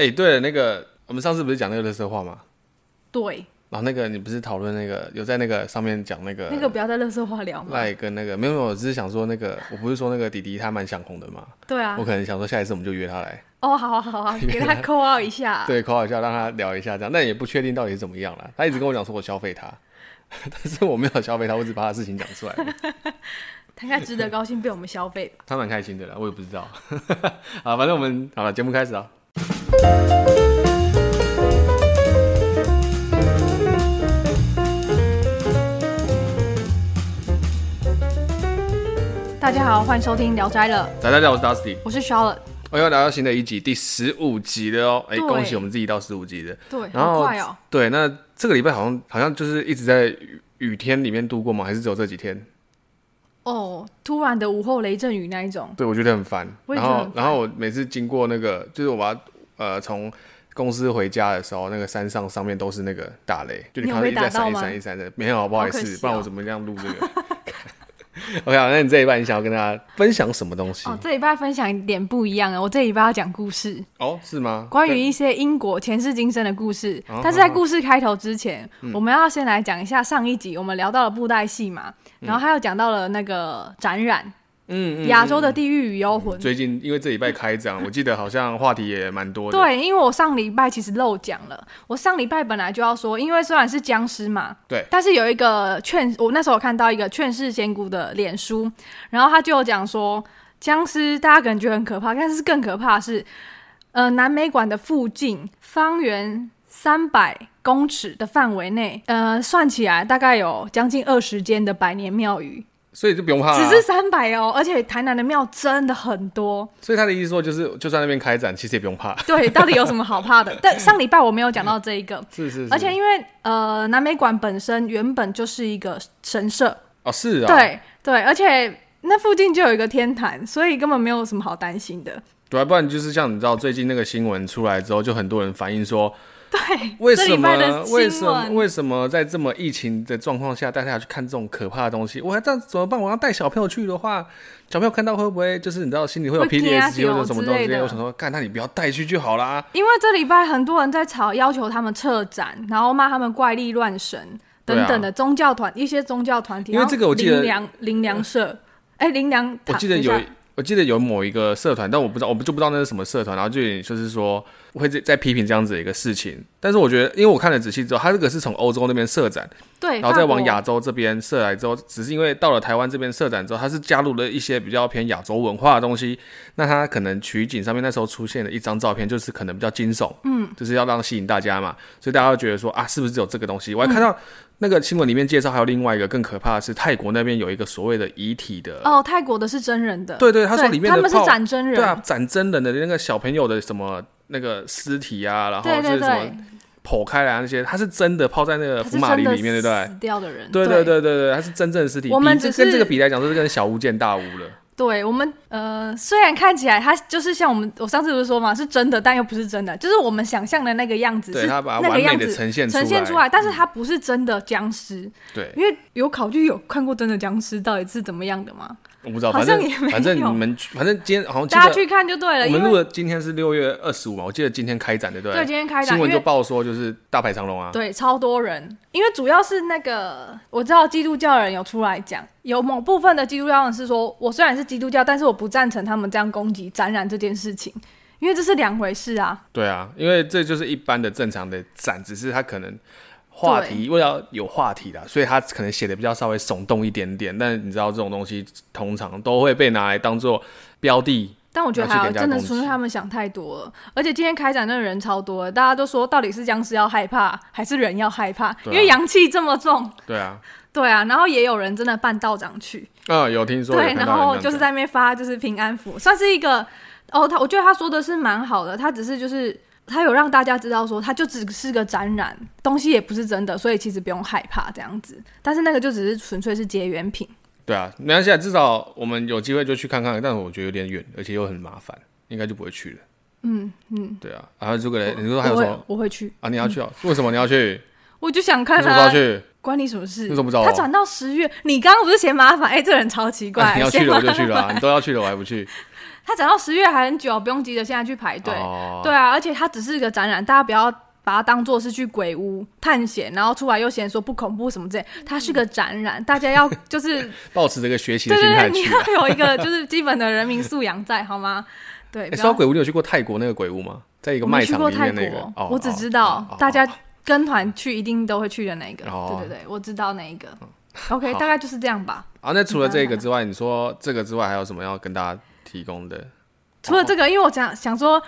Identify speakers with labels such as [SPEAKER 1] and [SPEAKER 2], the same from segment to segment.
[SPEAKER 1] 哎、欸，對了，那個我們上次不是講那個垃圾話嗎？
[SPEAKER 2] 對，
[SPEAKER 1] 然、啊、後那個你不是討論那個有在那個上面講那個，那個
[SPEAKER 2] 不要在垃圾話聊嗎？來
[SPEAKER 1] 跟那個、那個、沒有沒有，我只是想說那個，我不是說那個弟弟他蠻想紅的嘛。
[SPEAKER 2] 對啊，我可
[SPEAKER 1] 能想說下一次我們就約他來。
[SPEAKER 2] 哦、oh,，好好好，他給他 call out 一下，
[SPEAKER 1] 對，call out 一下讓他聊一下這樣，但也不確定到底是怎麼樣了。他一直跟我講說我消費他， 但是我沒有消費他，我只把他事情講出來。
[SPEAKER 2] 他應該值得高興被我們消費
[SPEAKER 1] 他蠻開心的了，我也不知道。 好，反正我們 好了，節目開始啊。
[SPEAKER 2] 大家好，歡迎收聽《聊齋》了。
[SPEAKER 1] 大家好，我是 Dusty，我
[SPEAKER 2] 是 Charlotte。
[SPEAKER 1] 我要來到新的一集，第十五集了哦。哎、欸，恭喜我們自己到十五集了。對。然後，很快哦。對，那這個禮拜好像好像就是一直在雨雨天裡面度過嗎？還是只有這幾天？
[SPEAKER 2] 哦、oh，，突然的午後雷陣雨那一種，
[SPEAKER 1] 對我覺得很煩。然後，然後我每次經過那個，就是我把它。呃，從公司回家的時候，那個山上上面都是那個打雷，有有打雷，就你看在閃一閃一閃的。沒有，不好意思好、哦，不然我怎麼這樣錄這個 ？OK，好，那你這一半你想要跟大家分享什麼東西？哦，
[SPEAKER 2] 這一半分享一點不一樣啊，我這一半要講故事
[SPEAKER 1] 哦。是嗎？
[SPEAKER 2] 關於一些因果前世今生的故事。但是在故事開頭之前，哦哦、我們要先來講一下上一集我們聊到了布袋戲嘛、嗯，然後還有講到了那個展覽
[SPEAKER 1] 嗯，嗯，嗯，亞洲的
[SPEAKER 2] 地獄與幽魂。最
[SPEAKER 1] 近因為這禮拜開講， 我記得好像話題也蠻多的。的對，
[SPEAKER 2] 因為我上禮拜其實漏講了，我上禮拜本來就要說，因為雖然是僵屍嘛，對，但是有一個勸，我那時候看到一個勸世仙姑的臉書，然後他就講說，僵屍大家可能覺得很可怕，但是更可怕的是，呃，南美館的附近方圓三百公尺的範圍內，呃，算起來大概有將近二十間的百年廟宇。
[SPEAKER 1] 所以就不用怕了、啊。只是
[SPEAKER 2] 三百哦，而且台南的廟真的很多。
[SPEAKER 1] 所以他的意思說、就是，就是就算在那邊開展，其實也不用怕。
[SPEAKER 2] 對，到底有什麼好怕的？但 上禮拜我沒有講到這一個。是是，是。而且因為呃，南美館本身原本就是一個神社
[SPEAKER 1] 哦，是啊。對
[SPEAKER 2] 對，而且那附近就有一個天壇，所以根本沒有什麼好擔心的。
[SPEAKER 1] 對，不然就是像你知道，最近那個新聞出來之後，就很多人反映說。
[SPEAKER 2] 對，為什麼為什麼
[SPEAKER 1] 為什麼在這麼疫情的狀況下，帶他去看這種可怕的東西？我這樣怎麼辦？我要帶小朋友去的話，小朋友看到會不會就是你知道心裡會有 PTSD 或者什麼東西？我想說，幹，他，你不要帶去就好啦。
[SPEAKER 2] 因為這禮拜很多人在吵，要求他們撤展，然後罵他們怪力亂神等等的宗教團、啊，一些宗教團體。因為這個我記得林良林良社，哎、呃，林、欸、良我記得有，
[SPEAKER 1] 我記得有某一個社團，但我不知道，我不就不知道那是什麼社團。然後就是就是說。會在在批評這樣子的一個事情，但是我覺得，因為我看了仔細之後，他這個是從歐洲那邊設展，對，然後再往亞洲這邊設來之後，只是因為到了台灣這邊設展之後，他是加入了一些比較偏亞洲文化的東西。那他可能取景上面那時候出現了一張照片，就是可能比較驚悚，嗯，就是要讓吸引大家嘛。所以大家會覺得說啊，是不是只有這個東西？我還看到那個新聞裡面介紹，還有另外一個更可怕的是泰國那邊有一個所謂的遺體的
[SPEAKER 2] 哦，泰國的是真人的，對對，他說裡面的他們是展真人對啊，
[SPEAKER 1] 展真人的那個小朋友的什麼。那個屍體啊，然後就是什麼？對對對，剖開來啊，那些，它是真的泡在那個福馬林裡面，對不對？死掉
[SPEAKER 2] 的人，對對對對對、
[SPEAKER 1] 對、對、對、對、對，它是真正的屍體。我們只是跟這個比來講，就是跟小巫見大巫了。
[SPEAKER 2] 對，我們呃，雖然看起來它就是像我們，我上次不是說嘛，是真的，但又不是真的，就是我們想象的那個樣子，把那個樣子呈現出來呈現出來呈現出來，但是它不是真的殭屍。對，因為有考據，有看過真的殭屍到底是怎麼樣的嗎？
[SPEAKER 1] 我不知道，反正反正你們反正今天好像大家去
[SPEAKER 2] 看就對了。我們錄的
[SPEAKER 1] 今天是六月二十五嘛，我記得今天開展的對。對，今天開展新聞就報說就是大排長龍啊。對，
[SPEAKER 2] 超多人，因為主要是那個我知道基督教人有出來講，有某部分的基督教人是說，我雖然是基督教，但是我不贊成他們這樣攻擊展覽這件事情，因為這是兩回事啊。
[SPEAKER 1] 對啊，因為這就是一般的正常的展，只是他可能。話題為了有話題啦，所以他可能寫的比較稍微聳動一點點。但你知道這種東西通常都會被拿來當做標的。
[SPEAKER 2] 但我覺得他真的說明他們想太多了。而且今天開展真的人超多了，大家都說到底是殭屍要害怕還是人要害怕？啊、因為陽氣這麼重。對啊，對啊。然後也有人真的扮道長去。
[SPEAKER 1] 嗯，有聽說有。對，然後就是
[SPEAKER 2] 在那邊發就是平安符，算是一個。哦，他我覺得他說的是蠻好的，他只是就是。他有讓大家知道說，他就只是個展覽，東西也不是真的，所以其實不用害怕這樣子。但是那個就只是純粹是結緣品。
[SPEAKER 1] 對啊，沒關係，至少我們有機會就去看看。但是我覺得有點遠，而且又很麻煩，應該就不會去了。嗯
[SPEAKER 2] 嗯，
[SPEAKER 1] 對啊。然後如果你說還有說，我會去啊，你要去啊、嗯？為什麼你要去？
[SPEAKER 2] 我就想看他，我不找去，關你什麼事？你怎麼他轉到十月，你剛剛不是嫌麻煩？哎、欸，這人超奇怪、啊啊。你要去了我就去了、啊，你
[SPEAKER 1] 都要去了我還不去。
[SPEAKER 2] 他展到十月還很久，不用急着現在去排隊。Oh, 對啊，而且它只是一個展覽，大家不要把它當做是去鬼屋探險，然後出來又嫌說不恐怖什麼之類。它是個展覽、嗯，大家要就是
[SPEAKER 1] 保持 這個學習心態去對對對，你要有一個就是
[SPEAKER 2] 基本的人民素養在， 好嗎？對。欸、說到鬼
[SPEAKER 1] 屋，你有去過泰國那個鬼屋嗎？在一個賣場裡面那個去過泰國哦、我只知
[SPEAKER 2] 道、哦哦、大家跟團去一定都會去的那個。哦、對對對，我知道那一個。OK，大概就是這樣吧。
[SPEAKER 1] 啊，那除了這個之外，你說這個之外還有什麼要跟大家？提供的
[SPEAKER 2] 除了這個，因為我想想說，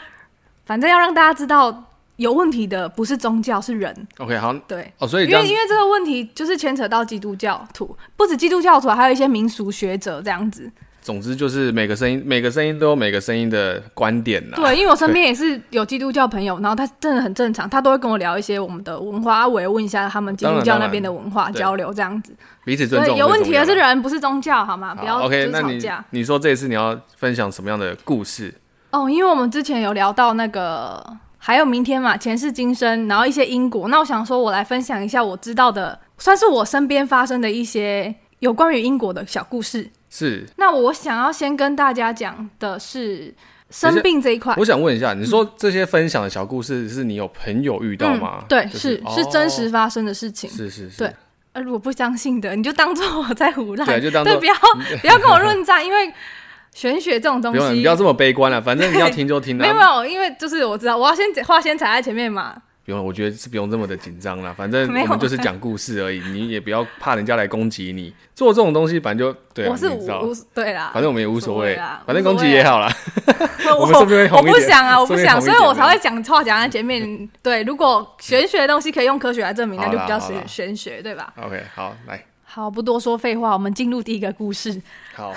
[SPEAKER 2] 反正要讓大家知道有問題的不是宗教，是人。
[SPEAKER 1] OK，好，對哦，所以因為因為
[SPEAKER 2] 這個問題就是牽扯到基督教徒，不止基督教徒，還有一些民俗學者這樣子。
[SPEAKER 1] 總之就是每個聲音，每個聲音都有每個聲音的觀點啦、啊。對，因為我身邊也
[SPEAKER 2] 是有基督教朋友，然後他真的很正常，他都會跟我聊一些我們的文化啊，我也問一下他們基督教那邊的文化交流這樣子。彼此尊重，對，有問題的是人，不是宗教好嗎？好，不要吵架 OK，那你
[SPEAKER 1] 你說這一次你要分享什麼樣的故事？
[SPEAKER 2] 哦，因為我們之前有聊到那個，還有明天嘛，前世今生，然後一些因果。那我想說，我來分享一下我知道的，算是我身邊發生的一些有關於因果的小故事。是，那我想要先跟大家講的是生病這一塊。我想
[SPEAKER 1] 問一下，你說這些分享的小故事是你有朋友遇到嗎？對、嗯就是，是、哦、是真實
[SPEAKER 2] 發生的事情。是是是。對，如果不相信的，你就當做我在胡來，對，就當作 對，不要不要跟我論戰， 因為玄學這種東西，不你不要這
[SPEAKER 1] 麼悲觀了、啊。反正你要聽就聽、啊，沒有，沒
[SPEAKER 2] 有，因為就是我知道，我要先話先踩在前面嘛。
[SPEAKER 1] 不用，我覺得是不用這麼的緊張啦。反正我們就是講故事而已，你也不要怕人家來攻擊你。 做這種東西，反正就對、啊，我是無，無對啦，反正我們也無所謂，反正攻擊也好啦，我我不想啊，我不想，所以我才會
[SPEAKER 2] 講話講在前面、嗯。對，如果玄學的東西可以用科學來證明，嗯、那就比較玄玄學，對吧，
[SPEAKER 1] 好？OK，好來，
[SPEAKER 2] 好，不多說廢話，我們進入第一個故事。好。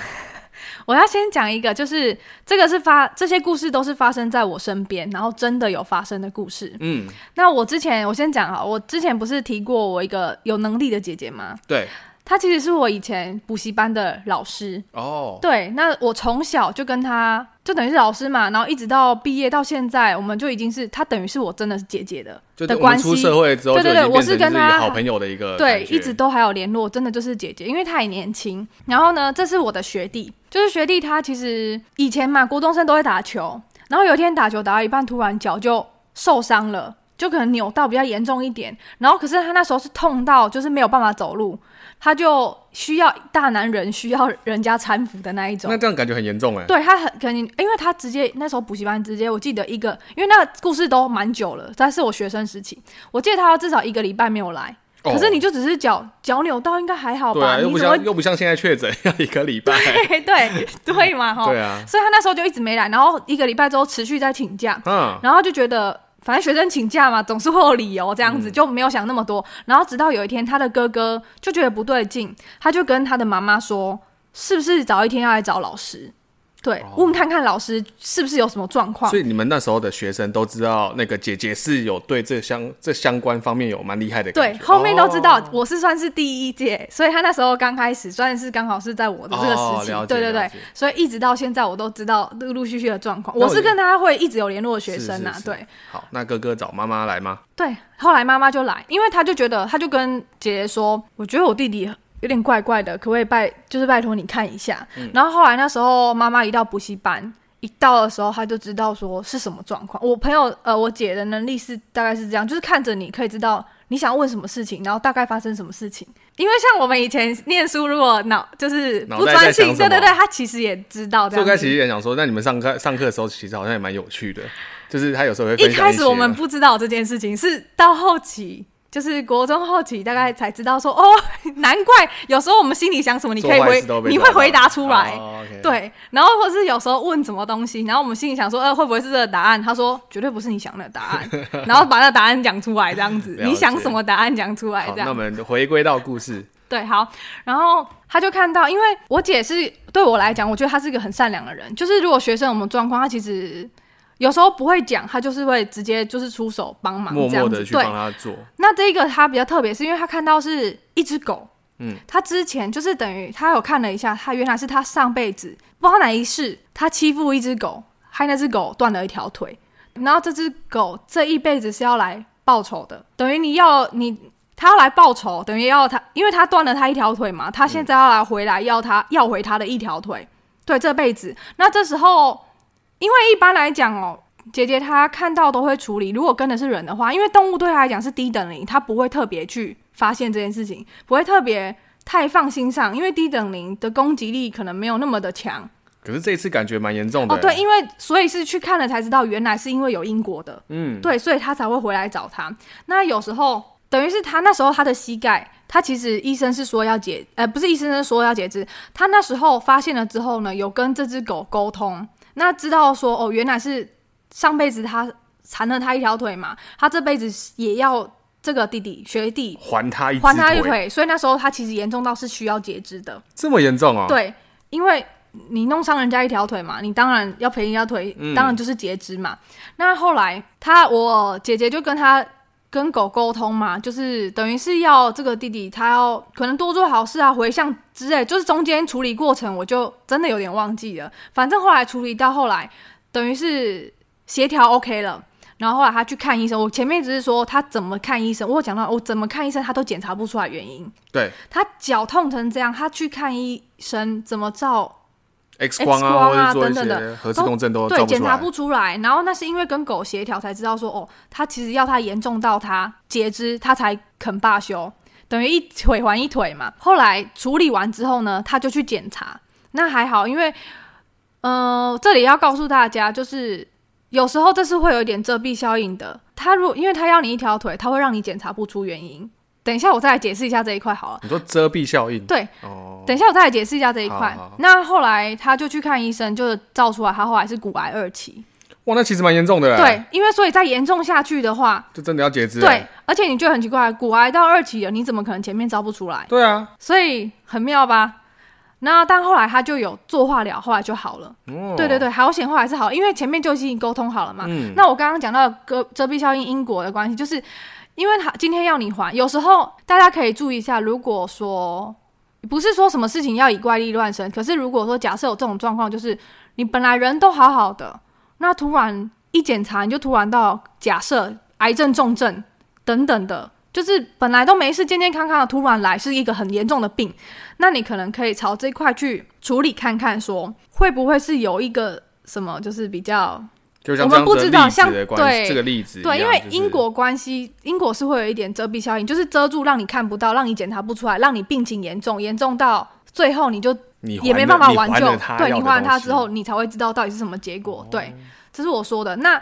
[SPEAKER 2] 我要先講一個，就是這個是發這些故事都是發生在我身邊，然後真的有發生的故事。嗯，那我之前我先講啊，我之前不是提過我一個有能力的姐姐嗎？對，她其實是我以前補習班的老師。哦、oh.，對，那我從小就跟她，就等於是老師嘛，然後一直到畢業到現在，我們就已經是她等於是我真的是姐姐的的關係。出社會之後，對對對，我是跟她好朋
[SPEAKER 1] 友的一個，對，一直都
[SPEAKER 2] 還有聯絡，真的就是姐姐，因為她也年輕。然後呢，這是我的學弟。就是學弟他其實以前嘛，國中生都會打球，然後有一天打球打到一半，突然腳就受傷了，就可能扭到比較嚴重一點。然後可是他那時候是痛到就是沒有辦法走路，他就需要大男人需要人家攙扶的那一種。那這樣
[SPEAKER 1] 感覺很嚴重誒、欸，對他
[SPEAKER 2] 很肯定、欸，因為他直接那時候補習班直接，我記得一個，因為那個故事都蠻久了，但是我學生時期，我記得他至少一個禮拜沒有來。可是你就只是腳腳扭到，應該還好吧？啊、你說，又不像，
[SPEAKER 1] 又不像現在確診要一個禮拜，
[SPEAKER 2] 對對，對嘛哈，對啊，所以他那時候就一直沒來，然後一個禮拜之後持續在請假，嗯，然後就覺得反正學生請假嘛，總是會有理由這樣子、嗯，就沒有想那麼多。然後直到有一天，他的哥哥就覺得不對勁，他就跟他的媽媽說：“是不是早一天要來找老師？”對，問看看老師是不是有什麼狀況。所以你
[SPEAKER 1] 們那時候的學生都知道，那個姐姐是有對這相這相關方面有蠻厲害的。對，後面都知道，
[SPEAKER 2] 我是算是第一屆、哦，所以他那時候剛開始算是剛好是在我的這個時期、哦。對對對，所以一直到現在我都知道陸陸續續的狀況。我是跟他會一直有聯絡的學生吶、啊。對。
[SPEAKER 1] 好，那哥哥找媽媽來嗎？
[SPEAKER 2] 對，後來媽媽就來，因為他就覺得他就跟姐姐說，我覺得我弟弟。有點怪怪的，可不可以拜就是拜託你看一下。嗯。然後後來那時候媽媽一到補習班，一到的時候，她就知道說是什麼狀況。我朋友呃，我姐的能力是大概是這樣，就是看着你可以知道你想問什麼事情，然後大概發生什麼事情。因為像我們以前念書，如果腦就是不專心，對對對，她其實也知道。就開始其實也
[SPEAKER 1] 想說，那你們上課上課的時候其實好像也蠻有趣的，就是她有時候會一,一開始我們
[SPEAKER 2] 不知道這件事情，是到後期。就是國中後期，大概才知道說哦，難怪有時候我們心裡想什麼，你可以回，你會回答出來。Okay. 對，然後或是有時候問什麼東西，然後我們心裡想說，呃，會不會是這個答案？他說絕對不是你想的答案， 然後把那個答案講出來，這樣子，你想什麼答案講出來。這樣子，那我
[SPEAKER 1] 們回歸到故
[SPEAKER 2] 事。對，好，然後他就看到，因為我姐是對我來講，我覺得她是一個很善良的人，就是如果學生我們狀況，她其實。有時候不會講，他就是會直接就是出手幫忙，這樣子。默默地去幫他做。那這一個他比較特別，是因為他看到是一只狗。嗯，他之前就是等於他有看了一下，他原來是他上輩子不知道哪一世，他欺負一只狗，害那只狗斷了一條腿。然後這只狗這一輩子是要來報仇的，等於你要你他要來報仇，等於要他因為他斷了他一條腿嘛，他現在要來回來要他、嗯、要回他的一條腿。對，這輩子。那這時候。因為一般來講哦，姐姐她看到都會處理。如果跟的是人的話，因為動物對他來講是低等靈，他不會特別去發現這件事情，不會特別太放心上。因為低等靈的攻擊力可能沒有那麼的強。
[SPEAKER 1] 可是這一次感覺蠻嚴重的。哦，對，因為
[SPEAKER 2] 所以是去看了才知道，原來是因為有因果的。嗯，對，所以他才會回來找他。那有時候等於是他那時候他的膝蓋，他其實醫生是說要截，呃，不是醫生是說要截肢。他那時候發現了之後呢，有跟這只狗溝通。那知道說哦，原來是上輩子他殘了他一條腿嘛，他這輩子也要這個弟弟學弟還
[SPEAKER 1] 他還他一腿還他一回，
[SPEAKER 2] 所以那時候他其實嚴重到是需要截肢的。
[SPEAKER 1] 這麼嚴重啊？對，
[SPEAKER 2] 因為你弄傷人家一條腿嘛，你當然要賠人家腿，嗯，當然就是截肢嘛。那後來他，我姐姐就跟他。跟狗溝通嘛，就是等於是要這個弟弟他要可能多做好事啊，回向之類，就是中間處理過程，我就真的有點忘記了。反正後來處理到後來，等於是協調 OK 了。然後後來他去看醫生，我前面只是說他怎麼看醫生，我有講到我怎麼看醫生，他都檢查不出來原因。對，他腳痛成這樣，他去看醫生怎麼照？
[SPEAKER 1] X 光，啊、X 光啊，或者做一些核磁共振都、啊、都，都對檢查不出
[SPEAKER 2] 來。然後那是因為跟狗協調才知道說哦，他其實要他嚴重到他截肢，他才肯罷休，等於一腿還一腿嘛。後來處理完之後呢，他就去檢查，那還好，因為嗯、呃，這裡要告訴大家就是有時候這是會有一點遮蔽效應的。他如因為他要你一條腿，他會讓你檢查不出原因。等一下，我再來解釋一下這一塊好了。
[SPEAKER 1] 你說遮蔽效應？
[SPEAKER 2] 對。哦。等一下，我再來解釋一下這一塊。那後來他就去看醫生，就是照出來，他後來是骨癌二期。
[SPEAKER 1] 哇，那其實蠻嚴重的。對，
[SPEAKER 2] 因為所以再嚴重下去的話，
[SPEAKER 1] 就真的要截肢。對，
[SPEAKER 2] 而且你就很奇怪，骨癌到二期了，你怎麼可能前面照不出來？對啊。所以很妙吧？那但後來他就有做化療，後來就好了。嗯、哦。對對對，好險，後來還是好，因為前面就已經溝通好了嘛。嗯。那我剛剛講到遮遮蔽效應因果的關係，就是。因為他今天要你還，有時候大家可以注意一下。如果說不是說什麼事情要以怪力亂神，可是如果說假設有這種狀況，就是你本來人都好好的，那突然一檢查，你就突然到假設癌症重症等等的，就是本來都沒事，健健康康的，突然來是一個很嚴重的病，那你可能可以朝這塊去處理看看，說會不會是有一個什麼，就是比較。我們不知道像對這個例子、就是，對，因為因果關係，因果是會有一點遮蔽效應，就是遮住讓你看不到，讓你檢查不出來，讓你病情嚴重，嚴重到最後你就你也沒辦法挽救，你還了他對你還完它之後，你才會知道到底是什麼結果。哦、對，這是我說的。那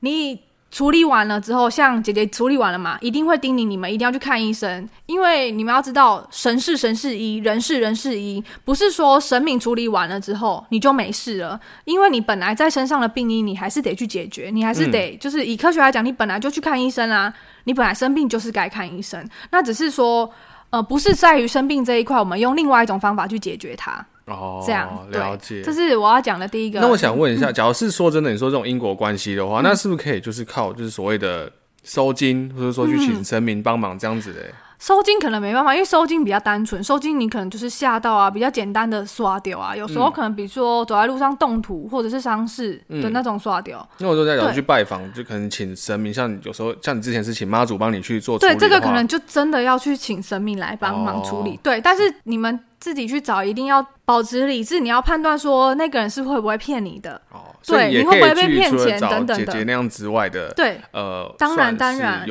[SPEAKER 2] 你。處理完了之後，像姐姐處理完了嘛，一定會叮嚀你們一定要去看醫生，因為你們要知道，神是神是醫，人是人是醫，不是說神明處理完了之後你就沒事了，因為你本來在身上的病因你還是得去解決，你還是得、嗯、就是以科學來講，你本來就去看醫生啊，你本來生病就是該看醫生，那只是說，呃，不是在於生病這一塊，我們用另外一種方法去解決它。哦，這樣了解，這是我要講的第一個。那我想問一下，嗯、假
[SPEAKER 1] 如是說真的，你說這種因果關係的話、嗯，那是不是可以就是靠就是所謂的收金，嗯，或者說去請神明幫忙這樣子的？嗯嗯
[SPEAKER 2] 收驚可能沒辦法，因為收驚比較單純，收驚你可能就是嚇到啊，比較簡單的刷掉啊。有時候可能比如說走在路上動土、嗯、或者是傷勢的那種刷掉。因
[SPEAKER 1] 為我在要去拜訪，就可能請神明，像有時候像你之前是請媽祖幫你去做。對，這個可能
[SPEAKER 2] 就真的要去請神明來幫忙處理。哦，對，但是你們自己去找，一定要保持理智，你要判斷說那個人是會不會騙你的。哦。對，你會不會被騙錢等等的。姐姐
[SPEAKER 1] 那樣之外的，等等的，對，呃，當然當然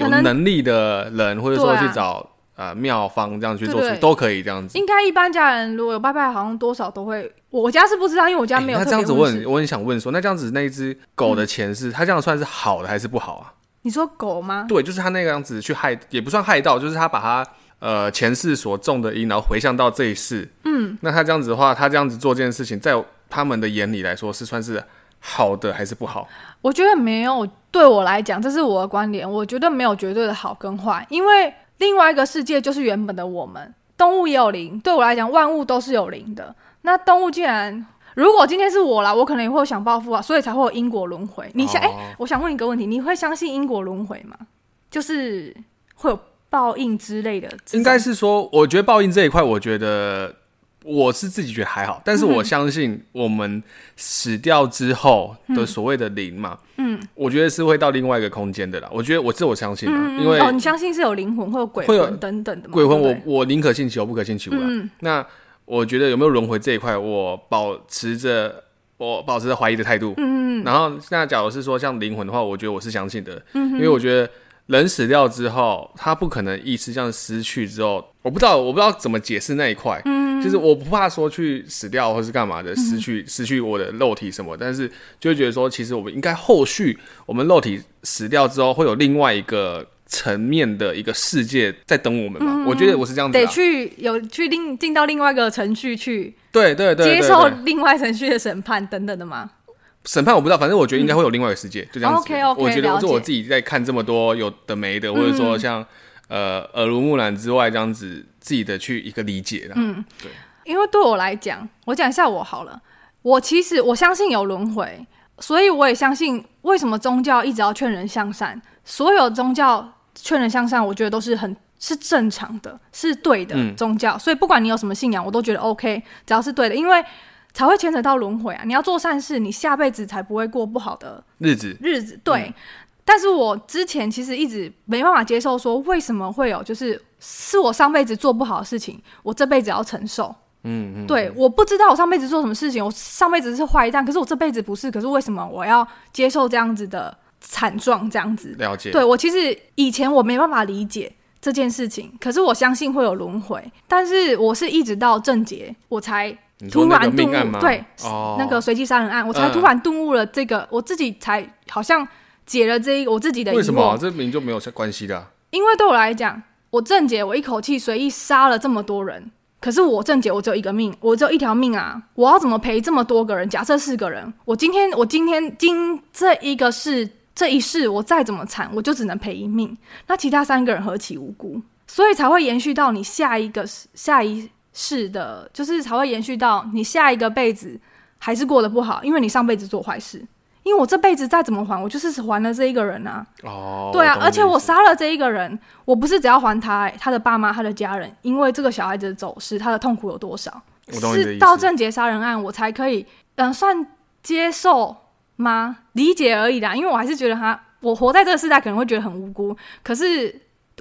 [SPEAKER 1] 有能力的人，或者說去找，啊、呃廟方，這樣去做出，對對對，都可以，這樣子。
[SPEAKER 2] 應該一般家人如果有拜拜，好像多少都會。我家是不知道，因為我家沒有，欸。那這樣子我很，我
[SPEAKER 1] 我很想問說，那這樣子那一隻狗的前世，它、嗯、這樣算是好的還是不好啊？
[SPEAKER 2] 你說狗嗎？對，
[SPEAKER 1] 就是它那個樣子去害，也不算害到，就是它把它呃前世所種的因，然後回向到這一世。嗯，那它這樣子的話，它這樣子做這件事情，在他們的眼裡來說是算是好的還是不好？
[SPEAKER 2] 我覺得沒有。對我來講，這是我的觀點。我覺得沒有絕對的好跟壞，因為另外一個世界就是原本的我們。動物也有靈，對我來講，萬物都是有靈的。那動物既然，如果今天是我了，我可能也會想報復啊，所以才會有因果輪迴。你想，哎、Oh. 欸，我想問一個問題，你會相信因果輪迴嗎？就是會有報應之類的之類。
[SPEAKER 1] 應該是說，我覺得報應這一塊，我覺得。我是自己覺得還好，但是我相信我們死掉之後的所謂的靈嘛，嗯，嗯，我覺得是會到另外一個空間的。啦。我覺得我是我相信的、嗯嗯，因為哦，你
[SPEAKER 2] 相信是有靈魂，或者鬼魂等等的嗎？鬼魂，對對
[SPEAKER 1] 我我寧可信其有不可信其無、啊嗯。那我覺得有沒有輪回這一塊，我保持着我保持着懷疑的態度。嗯，然後那假如是說像靈魂的話，我覺得我是相信的，嗯、因為我覺得。人死掉之後，他不可能意識這樣失去之後，我不知道，我不知道怎麼解釋那一塊。嗯，就是我不怕說去死掉或是幹嘛的，失去失去我的肉體什麼，嗯，但是就會覺得說，其實我們應該後續我們肉體死掉之後，會有另外一個層面的一個世界在等我們嘛，嗯。我覺得我是這樣的得去
[SPEAKER 2] 有去另進到另外一個程序去，
[SPEAKER 1] 對對對，對，對，對，對，接受
[SPEAKER 2] 另外程序的審判等等的嘛。
[SPEAKER 1] 審判我不知道，反正我覺得應該會有另外一個世界，嗯、就這樣子。Okay, okay, 我覺得我自己在看這麼多有的沒的，嗯、或者說像呃耳濡目染之外，這樣子自己的去一個理解，嗯，對。
[SPEAKER 2] 因為對我來講，我講一下我好了。我其實我相信有輪迴，所以我也相信為什麼宗教一直要勸人向善。所有宗教勸人向善，我覺得都是很是正常的，是對的、嗯、宗教。所以不管你有什麼信仰，我都覺得 OK，只要是對的，因為。才會牽扯到輪回啊！你要做善事，你下輩子才不會過不好的日子。日子對、嗯，但是我之前其實一直沒辦法接受，說為什麼會有就是是我上輩子做不好的事情，我這輩子要承受。嗯，嗯嗯，對，我不知道我上輩子做什麼事情，我上輩子是壞蛋，可是我這輩子不是，可是為什麼我要接受這樣子的慘狀？這樣子了解，對，我其實以前我沒辦法理解這件事情，可是我相信會有輪回，但是我是一直到正結，我才案嗎突然頓悟，對，oh. 那個隨機殺人案，我才突然頓悟了這個、嗯，我自己才好像解了這一個我自己的。為什麼這
[SPEAKER 1] 名就沒有關係的，
[SPEAKER 2] 啊？因為對我來講，我正解，我一口氣隨意殺了這麼多人，可是我正解，我只有一個命，我只有一條命啊！我要怎麼賠這麼多個人？假設四個人，我今天我今天經這一個事，這一世，我再怎麼慘，我就只能賠一命。那其他三個人何其無辜，所以才會延續到你下一個下一。是的，就是才會延續到你下一個輩子還是過得不好，因為你上輩子做壞事。因為我這輩子再怎麼還，我就是還了這一個人啊。哦、oh，對啊，而且我殺了這一個人，我不是只要還他、欸，他的爸媽，他的家人，因為這個小孩子的走失，他的痛苦有多少？我
[SPEAKER 1] 意思是到鄭
[SPEAKER 2] 捷殺人案，我才可以嗯算接受嗎？理解而已啦，因為我還是覺得他，我活在這個世代可能會覺得很無辜，可是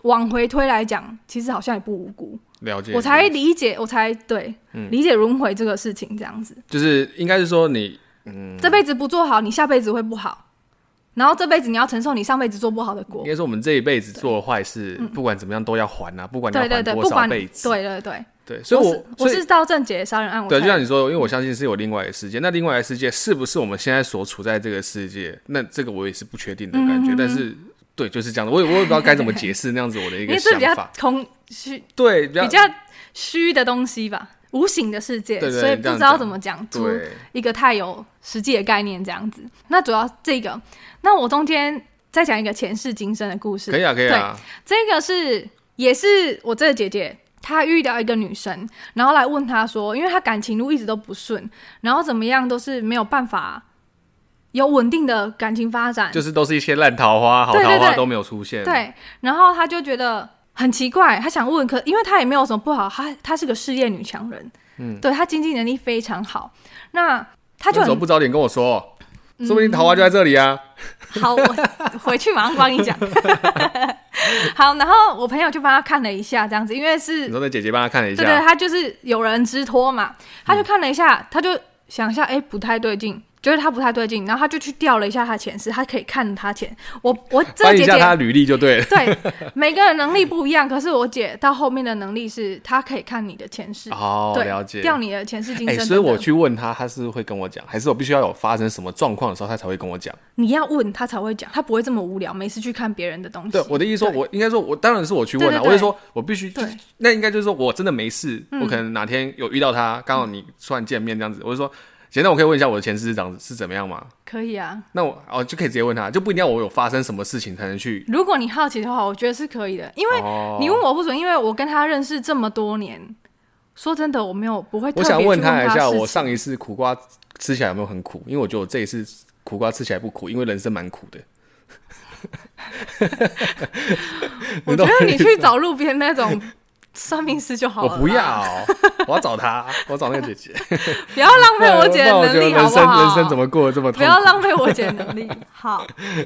[SPEAKER 2] 往回推來講，其實好像也不無辜。
[SPEAKER 1] 了解，是是我才
[SPEAKER 2] 理解，我才對、嗯、理解輪回這個事情這樣子。
[SPEAKER 1] 就是應該是說你，嗯，這輩
[SPEAKER 2] 子不做好，你下輩子會不好。然後這輩子你要承受你上輩子做不好的果。應
[SPEAKER 1] 該說我們這一輩子做壞事、嗯，不管怎麼樣都要還啊，不管你要還多少輩子，對對對對。所以我，我我是
[SPEAKER 2] 趙正杰殺人案。對，就像你
[SPEAKER 1] 說，因為我相信是有另外一個世界、嗯。那另外一個世界是不是我們現在所處在這個世界？那這個我也是不確定的感覺，嗯、哼哼但是。對，就是這樣子。我我也不知道該怎麼解釋那樣子，我的一個想法 比較
[SPEAKER 2] 空虛對，比較虛的東西吧，無形的世界，對對對，所以不知道怎麼講出一個太有實際的概念這樣子。那主要這個，那我中間再講一個前世今生的故事，可以啊，可以啊。這個是也是我這個姐姐，她遇到一個女生，然後來問她說，因為她感情路一直都不順，然後怎麼樣都是沒有辦法、啊。有穩定的感情發展，就是都
[SPEAKER 1] 是一些爛桃花、好桃花對對對，都沒有出現。對，
[SPEAKER 2] 然後他就覺得很奇怪，他想問，可因為他也沒有什麼不好，他他是個事業女強人，嗯，對他經濟能力非常好。那他就很，為什麼不
[SPEAKER 1] 早點跟我說、嗯，
[SPEAKER 2] 說不定桃花就在這裡啊。好，我回去馬上幫你講。 好，然後我朋友就幫他看了一下，這樣子，因為是你說
[SPEAKER 1] 的姐姐幫他看了一下，對、對、對，
[SPEAKER 2] 他就是有人之托嘛、嗯，他就看了一下，他就想一下，哎、欸，不太對勁。覺得他不太對勁，然後他就去調了一下他的前世，他可以看他前。我我這一下他履
[SPEAKER 1] 歷就對了。對，
[SPEAKER 2] 每個人能力不一樣， 可是我姐到後面的能力是她可以看你的前世。哦，對，了解。調你的前世今生。哎、欸，所以我去
[SPEAKER 1] 問他，他是會跟我講，還是我必須要有發生什麼狀況的時候他才會跟我講？
[SPEAKER 2] 你要問他才會講，他不會這麼無聊，沒事去看別人的東西。對，我的
[SPEAKER 1] 意思說我應該說我，我當然是我去問他我就說我必須。對。那應該就是說我真的沒事、嗯，我可能哪天有遇到他，剛好你突然見面這樣子，嗯、我就說。行，那我可以問一下我的前世是怎麼樣嗎？
[SPEAKER 2] 可以啊。
[SPEAKER 1] 那我哦，就可以直接問他，就不一定要我有發生什麼事情才能去。
[SPEAKER 2] 如果你好奇的話，我覺得是可以的，因為、哦、你問我不準，因為我跟他認識這麼多年。說真的，我沒有不會。我想問他一下，我上
[SPEAKER 1] 一次苦瓜吃起來有沒有很苦？因為我覺得我這一次苦瓜吃起來不苦，因為人生蠻苦的。 我覺得你去找
[SPEAKER 2] 路邊那種。算命師就好了。我不
[SPEAKER 1] 要、哦，我要找他、啊， 我找那個姐姐。
[SPEAKER 2] 不要浪費我姐的能力好不好？人生
[SPEAKER 1] 怎麼過得這麼……不要浪
[SPEAKER 2] 費我姐的能力。 好。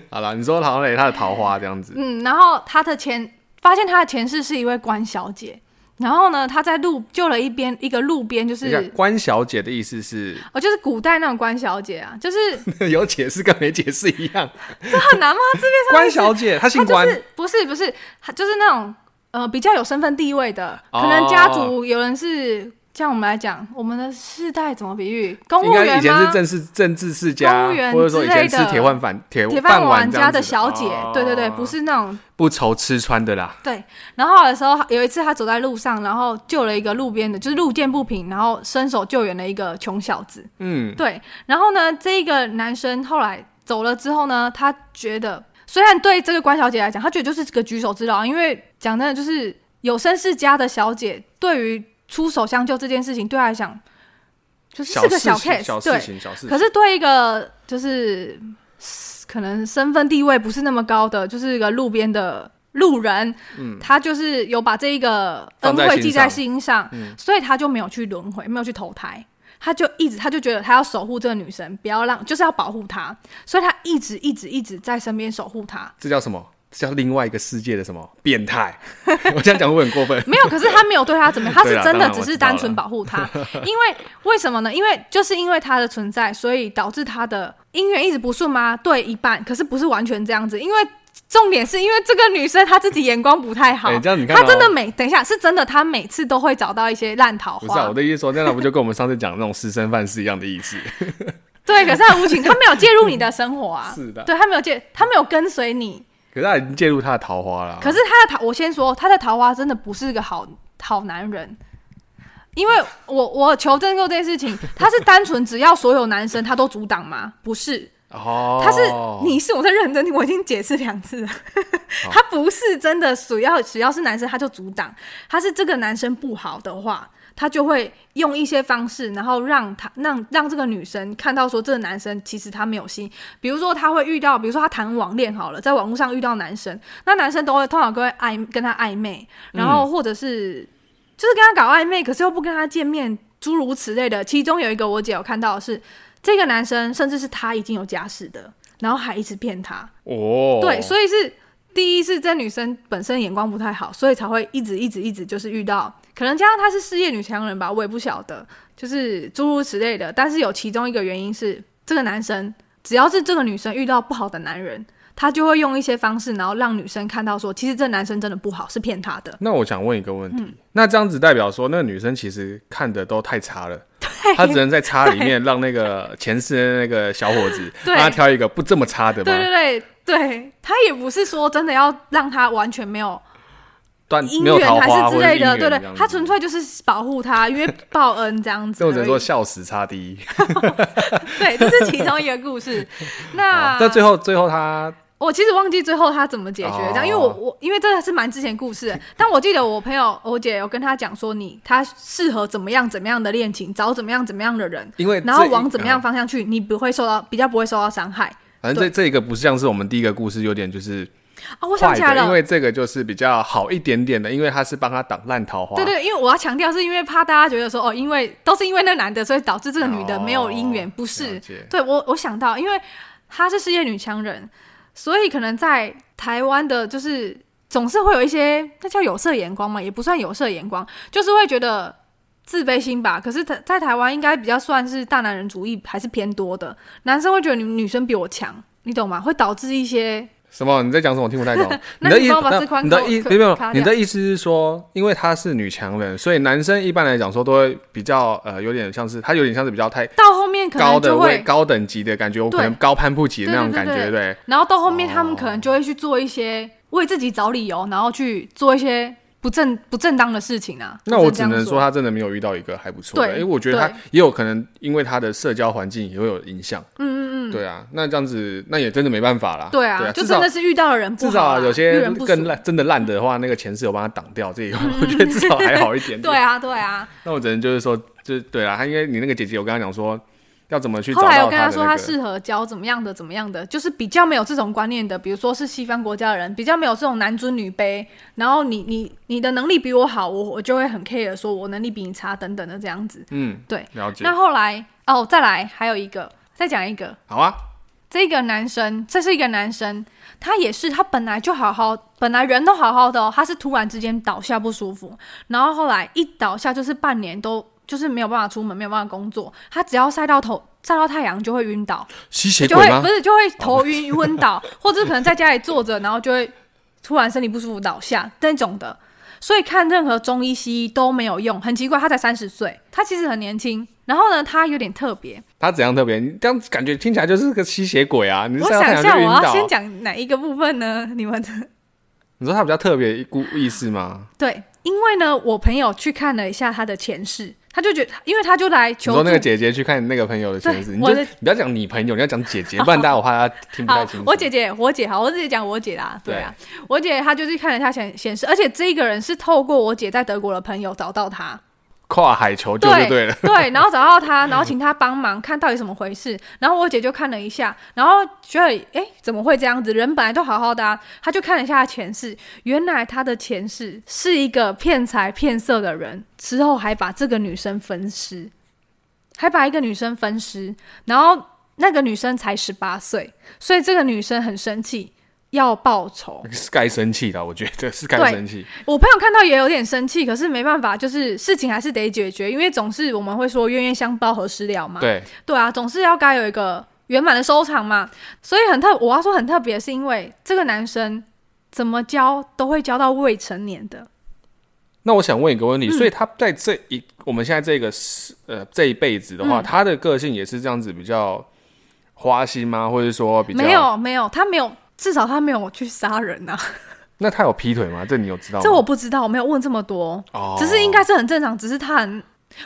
[SPEAKER 1] 好了，你說唐磊他的桃花這樣子。
[SPEAKER 2] 嗯，然後他的前發現他的前世是一位官小姐，然後呢，他在路救了一邊一個路邊，就是
[SPEAKER 1] 官小姐的意思是
[SPEAKER 2] 哦，就是古代那種官小姐啊，就是
[SPEAKER 1] 有解釋跟沒解釋一樣，
[SPEAKER 2] 這很難嗎？字面上官小姐，他姓她姓、就、官、是，不是不是，就是那種。呃，比較有身份地位的。哦，可能家族有人是這樣。像我們來講，我們的世代怎麼比喻？公務員嗎？應該以前是正
[SPEAKER 1] 式政治世家，公務員或者說以前是鐵腕飯鐵鐵飯碗家的
[SPEAKER 2] 小姐。哦，對對對，不是那種
[SPEAKER 1] 不愁吃穿的啦。
[SPEAKER 2] 對。然後，後的時候有一次，他走在路上，然後救了一個路邊的，就是路見不平，然後伸手救援的一個窮小子。嗯，對。然後呢，這個男生後來走了之後呢，他覺得。雖然對這個關小姐來講，她覺得就是個舉手之勞，因為講真的，就是有身世家的小姐，對於出手相救這件事情，對她來講就是個小 case，小事情小事情小事情對小事情。可是對一個就是可能身份地位不是那麼高的，就是一個路邊的路人，她、嗯、他就是有把這一個恩惠記在心上，放在心上嗯、所以他就沒有去輪回，沒有去投胎。他就一直，他就覺得他要守護這個女生，不要讓，就是要保護她，所以他一直一直一直在身邊守護她。
[SPEAKER 1] 這叫什麼？這叫另外一個世界的什麼變態？ 我這樣講會很過分？ 沒有，可是
[SPEAKER 2] 他沒有對她怎麼樣，他是真的只是單純保護她。 因為為什麼呢？因為就是因為他的存在，所以導致她的姻緣一直不順嗎？對一半，可是不是完全這樣子，因為。重點是因為這個女生她自己眼光不太好，欸、她真的每等一下是真的，她每次都會找到一些爛桃花。不是、啊、我
[SPEAKER 1] 的意思說，那樣不就跟我們上次講的那種私生飯是一樣的意思？
[SPEAKER 2] 對，可是他無情，他沒有介入你的生活啊， 是的，對他沒有介，他沒有跟隨你。
[SPEAKER 1] 可是他已經介入他的桃花了、啊。可是
[SPEAKER 2] 他的桃，我先說他的桃花真的不是一個好好男人，因為我我求證過這件事情，他是單純只要所有男生他都阻擋嗎？不是。
[SPEAKER 1] 哦，他是你
[SPEAKER 2] 是，我在認真聽，我已經解釋兩次了。 他不是真的，只要只要是男生他就阻擋，他是這個男生不好的話，他就會用一些方式，然後讓他讓讓這個女生看到說，這個男生其實他沒有心，比如說他會遇到，比如說他談網戀好了，在網絡上遇到男生，那男生都會通常都會曖跟他曖昧，然後或者是、嗯、就是跟他搞曖昧，可是又不跟他見面，諸如此類的，其中有一個我姐有看到的是。這個男生甚至是他已經有家室的，然後還一直騙她。
[SPEAKER 1] 哦、Oh.，對，所
[SPEAKER 2] 以是第一是這女生本身眼光不太好，所以才會一直一直一直就是遇到，可能加上他是事業女強人吧，我也不曉得，就是諸如此類的。但是有其中一個原因是，這個男生只要是這個女生遇到不好的男人，他就會用一些方式，然後讓女生看到說，其實這男生真的不好，是騙他的。
[SPEAKER 1] 那我想問一個問題，嗯、那這樣子代表說，那個女生其實看得都太差了？
[SPEAKER 2] 他只能在差裡面
[SPEAKER 1] 讓那個前世的那個小伙子，幫他挑一個不這麼差的。對對
[SPEAKER 2] 對，對他也不是說真的要讓他完全沒有
[SPEAKER 1] 姻緣還是之類的。對對，他純
[SPEAKER 2] 粹就是保護他，因為報恩這樣子。或只能說
[SPEAKER 1] 笑死差第一。
[SPEAKER 2] 對，這是其中一個故事 那。那那最
[SPEAKER 1] 後最後他。
[SPEAKER 2] 我其實忘記最後他怎麼解決，但、oh. 因為我我因為這個是蠻之前故事的， 但我記得我朋友姐我姐有跟他講說你他適合怎麼樣怎麼樣的戀情，找怎麼樣怎麼樣的人，因為然後往怎麼樣方向去，呃、你不會受到比較不會受到傷害。反正這
[SPEAKER 1] 這一個不是像是我們第一個故事有點就是
[SPEAKER 2] 啊，我想起來了，因為
[SPEAKER 1] 這個就是比較好一點點的，因為他是幫他擋爛桃花。對，對對，
[SPEAKER 2] 因為我要強調是因為怕大家覺得說哦，因為都是因為那男的，所以導致這個女的沒有姻緣，oh, 不是？對，我我想到，因為她是世界女強人。所以可能在台灣的，就是總是會有一些，那叫有色眼光嘛，也不算有色眼光，就是會覺得自卑心吧。可是他，在台灣應該比較算是大男人主義還是偏多的，男生會覺得女生比我強，你懂嗎？會導致一些。
[SPEAKER 1] 什麼？你在講什麼？我聽不太懂。 你，你的意思？ 你，你的意思？沒有你的意思是說，因為她是女強人，所以男生一般來講說都會比較呃，有點像是她有點像是比較太到
[SPEAKER 2] 後面可能就會
[SPEAKER 1] 高等級的感覺，我可能高攀不起的那種感覺，對、對、對、對、對、對、對。
[SPEAKER 2] 然後到後面他們可能就會去做一些為自己找理由，然後去做一些不正不正當的事情啊！那我只能說他真
[SPEAKER 1] 的沒有遇到一個還不錯的，因為我覺得他也有可能因為他的社交環境也會有影響。嗯嗯嗯，對啊，那這樣子那也真的沒辦法啦。對啊，對啊，就真的是
[SPEAKER 2] 遇到的人不好，至少啊有些更爛，
[SPEAKER 1] 真的爛的話，那個前世有幫他擋掉，這一我覺得至少還好一點。
[SPEAKER 2] 對啊，對啊。
[SPEAKER 1] 那我只能就是說，就是對啊，他因為你那個姐姐，我跟他講說。要怎麼去？後來我跟他說，他適合
[SPEAKER 2] 教怎麼樣的、怎麼樣的，就是比較沒有這種觀念的，比如說是西方國家的人，比較沒有這種男尊女卑。然後你你你的能力比我好，我我就會很 care，說我能力比你差等等的這樣子。嗯，對，了解。那後來哦，再來還有一個，再講一個。好啊。這個男生，這是一個男生，他也是他本來就好好，本來人都好好的哦，他是突然之間倒下不舒服，然後後來一倒下就是半年都，就是沒有辦法出門，沒有辦法工作。他只要曬到頭，曬到太陽就會暈倒，吸血鬼嗎？就會不是，就會頭暈暈、哦、倒， 或者是可能在家裡坐着，然後就會突然身體不舒服倒下那種的。所以看任何中醫西醫都沒有用，很奇怪。他才三十歲，他其實很年輕。然後呢，他有點特別。
[SPEAKER 1] 他怎樣特別？你這樣感覺聽起來就是個吸血鬼啊！你曬到太陽就暈倒。我想一下，我要先講
[SPEAKER 2] 哪一個部分呢？你們這，
[SPEAKER 1] 你說他比較特別的意思嗎？
[SPEAKER 2] 對，因為呢，我朋友去看了一下他的前世。他就覺得，因為他就來求說那個姐
[SPEAKER 1] 姐去看那個朋友的顯示，你就你不要講你朋友，你要講姐姐， 不然大家我怕他聽不太清楚。我姐
[SPEAKER 2] 姐，我姐好，我自己講我姐啦，對。對啊，我姐她就是看了一下顯顯示，而且這個人是透過我姐在德國的朋友找到他。
[SPEAKER 1] 跨海求救對，就對了，對，
[SPEAKER 2] 然後找到他，然後請他幫忙看到底怎麼回事。然後我姐就看了一下，然後覺得哎、欸，怎麼會這樣子？人本來都好好的、啊，他就看了一下他前世，原來他的前世是一個騙財騙色的人，之後還把這個女生分屍，還把一個女生分屍，然後那個女生才十八歲，所以這個女生很生氣。要報仇
[SPEAKER 1] 是該生氣的，我覺得是該生氣。
[SPEAKER 2] 我朋友看到也有點生氣，可是沒辦法，就是事情還是得解決，因為總是我們會說冤冤相報何時了嘛。對對啊，總是要該有一個圓滿的收場嘛。所以很特，我要說很特別，是因為這個男生怎麼交都會交到未成年的。
[SPEAKER 1] 那我想問一個問題，嗯、所以他在這一我們現在這個是呃這一輩子的話、嗯，他的個性也是這樣子比較花心嗎？或者說比較沒有
[SPEAKER 2] 沒有他沒有。至少他沒有去殺人吶、
[SPEAKER 1] 啊。 那他有劈腿嗎？這你有知道嗎？這我不
[SPEAKER 2] 知道，我沒有問這麼多。Oh. 只是應該是很正常，只是他，很……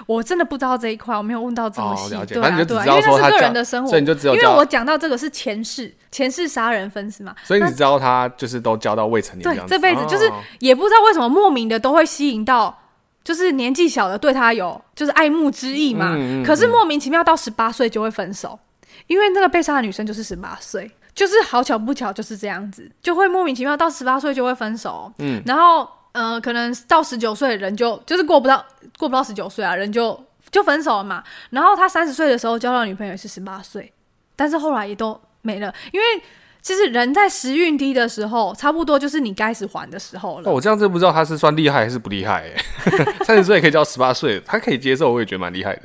[SPEAKER 2] 我真的不知道這一塊，我沒有問到這麼細、oh。對，啊他對啊，因為那是個人的生活，因為我講到這個是前世，前世殺人分屍嘛。所以你
[SPEAKER 1] 知道他就是都交到未成年這樣子。這輩子就是
[SPEAKER 2] 也不知道為什麼莫名的都會吸引到，就是年紀小的對他有就是愛慕之意嘛。嗯、可是莫名其妙到十八歲就會分手，嗯，因為那個被殺的女生就是十八歲。就是好巧不巧就是這樣子，就會莫名其妙到十八歲就會分手。嗯，然後呃，可能到十九歲人就就是過不到過不到十九歲啊，人就就分手了嘛。然後他三十歲的時候交到女朋友也是十八歲，但是後來也都沒了。因為其實人在時運低的時候，差不多就是你開始還的時候了。
[SPEAKER 1] 我、哦、這樣子不知道他是算厲害還是不厲害、欸。三十歲也可以交十八歲他可以接受，我也覺得蠻厲害的。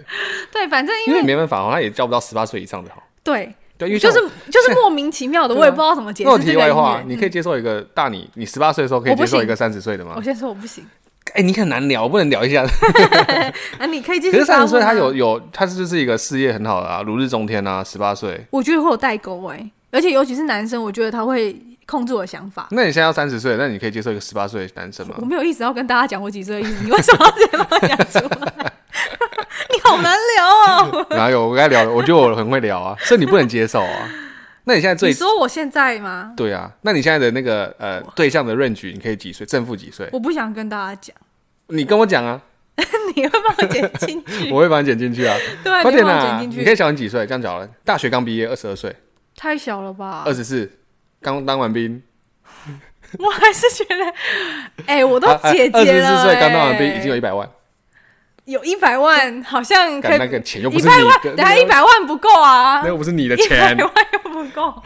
[SPEAKER 2] 對，反正因為，因為沒
[SPEAKER 1] 辦法、啊，他也交不到十八歲以上的好。
[SPEAKER 2] 對。就是就是莫名其妙的，我也不知道怎麼解釋。題外話、嗯，你可以
[SPEAKER 1] 接受一個大你，你十八歲的時候可以接受一個三十歲的嗎？我，
[SPEAKER 2] 我先說我不行。
[SPEAKER 1] 哎、欸，你很難聊，我不能聊一下。 啊，你可
[SPEAKER 2] 以接受。可是三十歲他有
[SPEAKER 1] 有，他就是一個事業很好的、啊，如日中天啊！十八歲，
[SPEAKER 2] 我覺得會有代溝哎、欸，而且尤其是男生，我覺得他會控制我的想法。那
[SPEAKER 1] 你現在要三十歲，那你可以接受一個十八歲的男生嗎？我
[SPEAKER 2] 沒有意思要跟大家講我幾歲的意思，你為什麼要這樣講出來？ 好難聊
[SPEAKER 1] 哦！哪有我該聊？我覺得我很會聊啊，所以你不能接受啊？那你現在最，你說
[SPEAKER 2] 我現在嗎？
[SPEAKER 1] 對啊，那你現在的那個呃對象的 range，你可以幾歲？正負幾歲？我
[SPEAKER 2] 不想跟大家講，
[SPEAKER 1] 你跟我講啊， 啊，啊，
[SPEAKER 2] 啊，你會幫我剪進去，我
[SPEAKER 1] 會幫你剪進去啊。對，幫你剪進去，你可以小你幾歲？這樣講好了，大學剛畢業，二十二歲，
[SPEAKER 2] 太小了吧？二
[SPEAKER 1] 十四，剛當完兵，
[SPEAKER 2] 我還是覺得，哎、欸，我都姐姐了、欸。二十四歲剛當完兵，已經有一百萬。有一百萬，好像可一百萬，那個那個、
[SPEAKER 1] 萬等一下一
[SPEAKER 2] 百萬不夠啊。那又、
[SPEAKER 1] 個、不是你的錢，一百萬又
[SPEAKER 2] 不夠。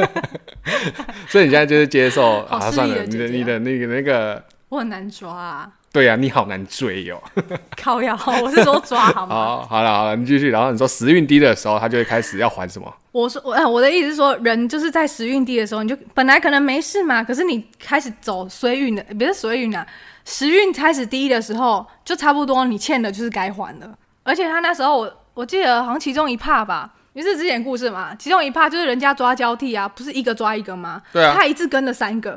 [SPEAKER 1] 所以你現在就是接受 啊姐姐，算了，你的你的那個那個，
[SPEAKER 2] 我很難抓、啊。
[SPEAKER 1] 對呀、啊，你好難追喲、喔。
[SPEAKER 2] 靠腰我是說抓好嗎？
[SPEAKER 1] 好，好了好了，你繼續。然後你說時運低的時候，他就會開始要還什麼？
[SPEAKER 2] 我說我哎，我的意思是說，人就是在時運低的時候，你就本來可能沒事嘛，可是你開始走水運的，不是水運啊。時運開始低的時候，就差不多你欠的就是該還的。而且他那時候，我，我記得好像其中一趴吧，也是之前故事嘛。其中一趴就是人家抓交替啊，不是一個抓一個嗎？對啊，他一次跟了三個。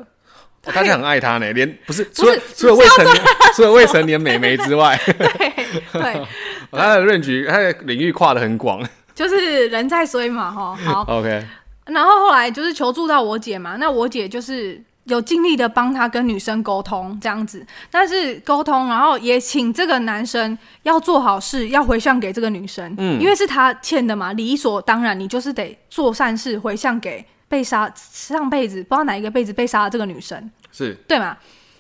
[SPEAKER 1] 我當時、哦哦、很愛他呢，連不是不是，除了未成年，除了未成年美眉之外，對 對。他的任局，他的領域跨的很廣，
[SPEAKER 2] 就是人在衰嘛，哈。 好，OK。然後後來就是求助到我姐嘛，那我姐就是。有盡力的幫他跟女生溝通這樣子，但是溝通，然後也請這個男生要做好事，要回向給這個女生，嗯，因為是他欠的嘛，理所當然，你就是得做善事回向給被殺，上輩子不知道哪一個輩子被殺的這個女生，是，對嘛？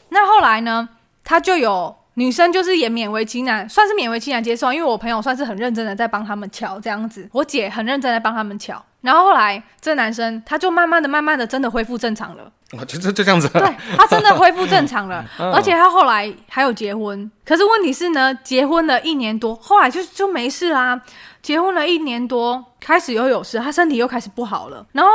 [SPEAKER 2] 那後來呢，他就有女生就是也勉為其難，算是勉為其難接受，因為我朋友算是很認真的在幫他們喬這樣子，我姐很認真的在幫他們喬。然後後來，這男生他就慢慢的、慢慢的，真的恢復正常了。
[SPEAKER 1] 哦、就這就這樣子。對，他真的恢復正常了、哦，而且他
[SPEAKER 2] 後來還有結婚。可是問題是呢，結婚了一年多，後來就就沒事啦、啊。結婚了一年多，開始又有事，他身體又開始不好了。然後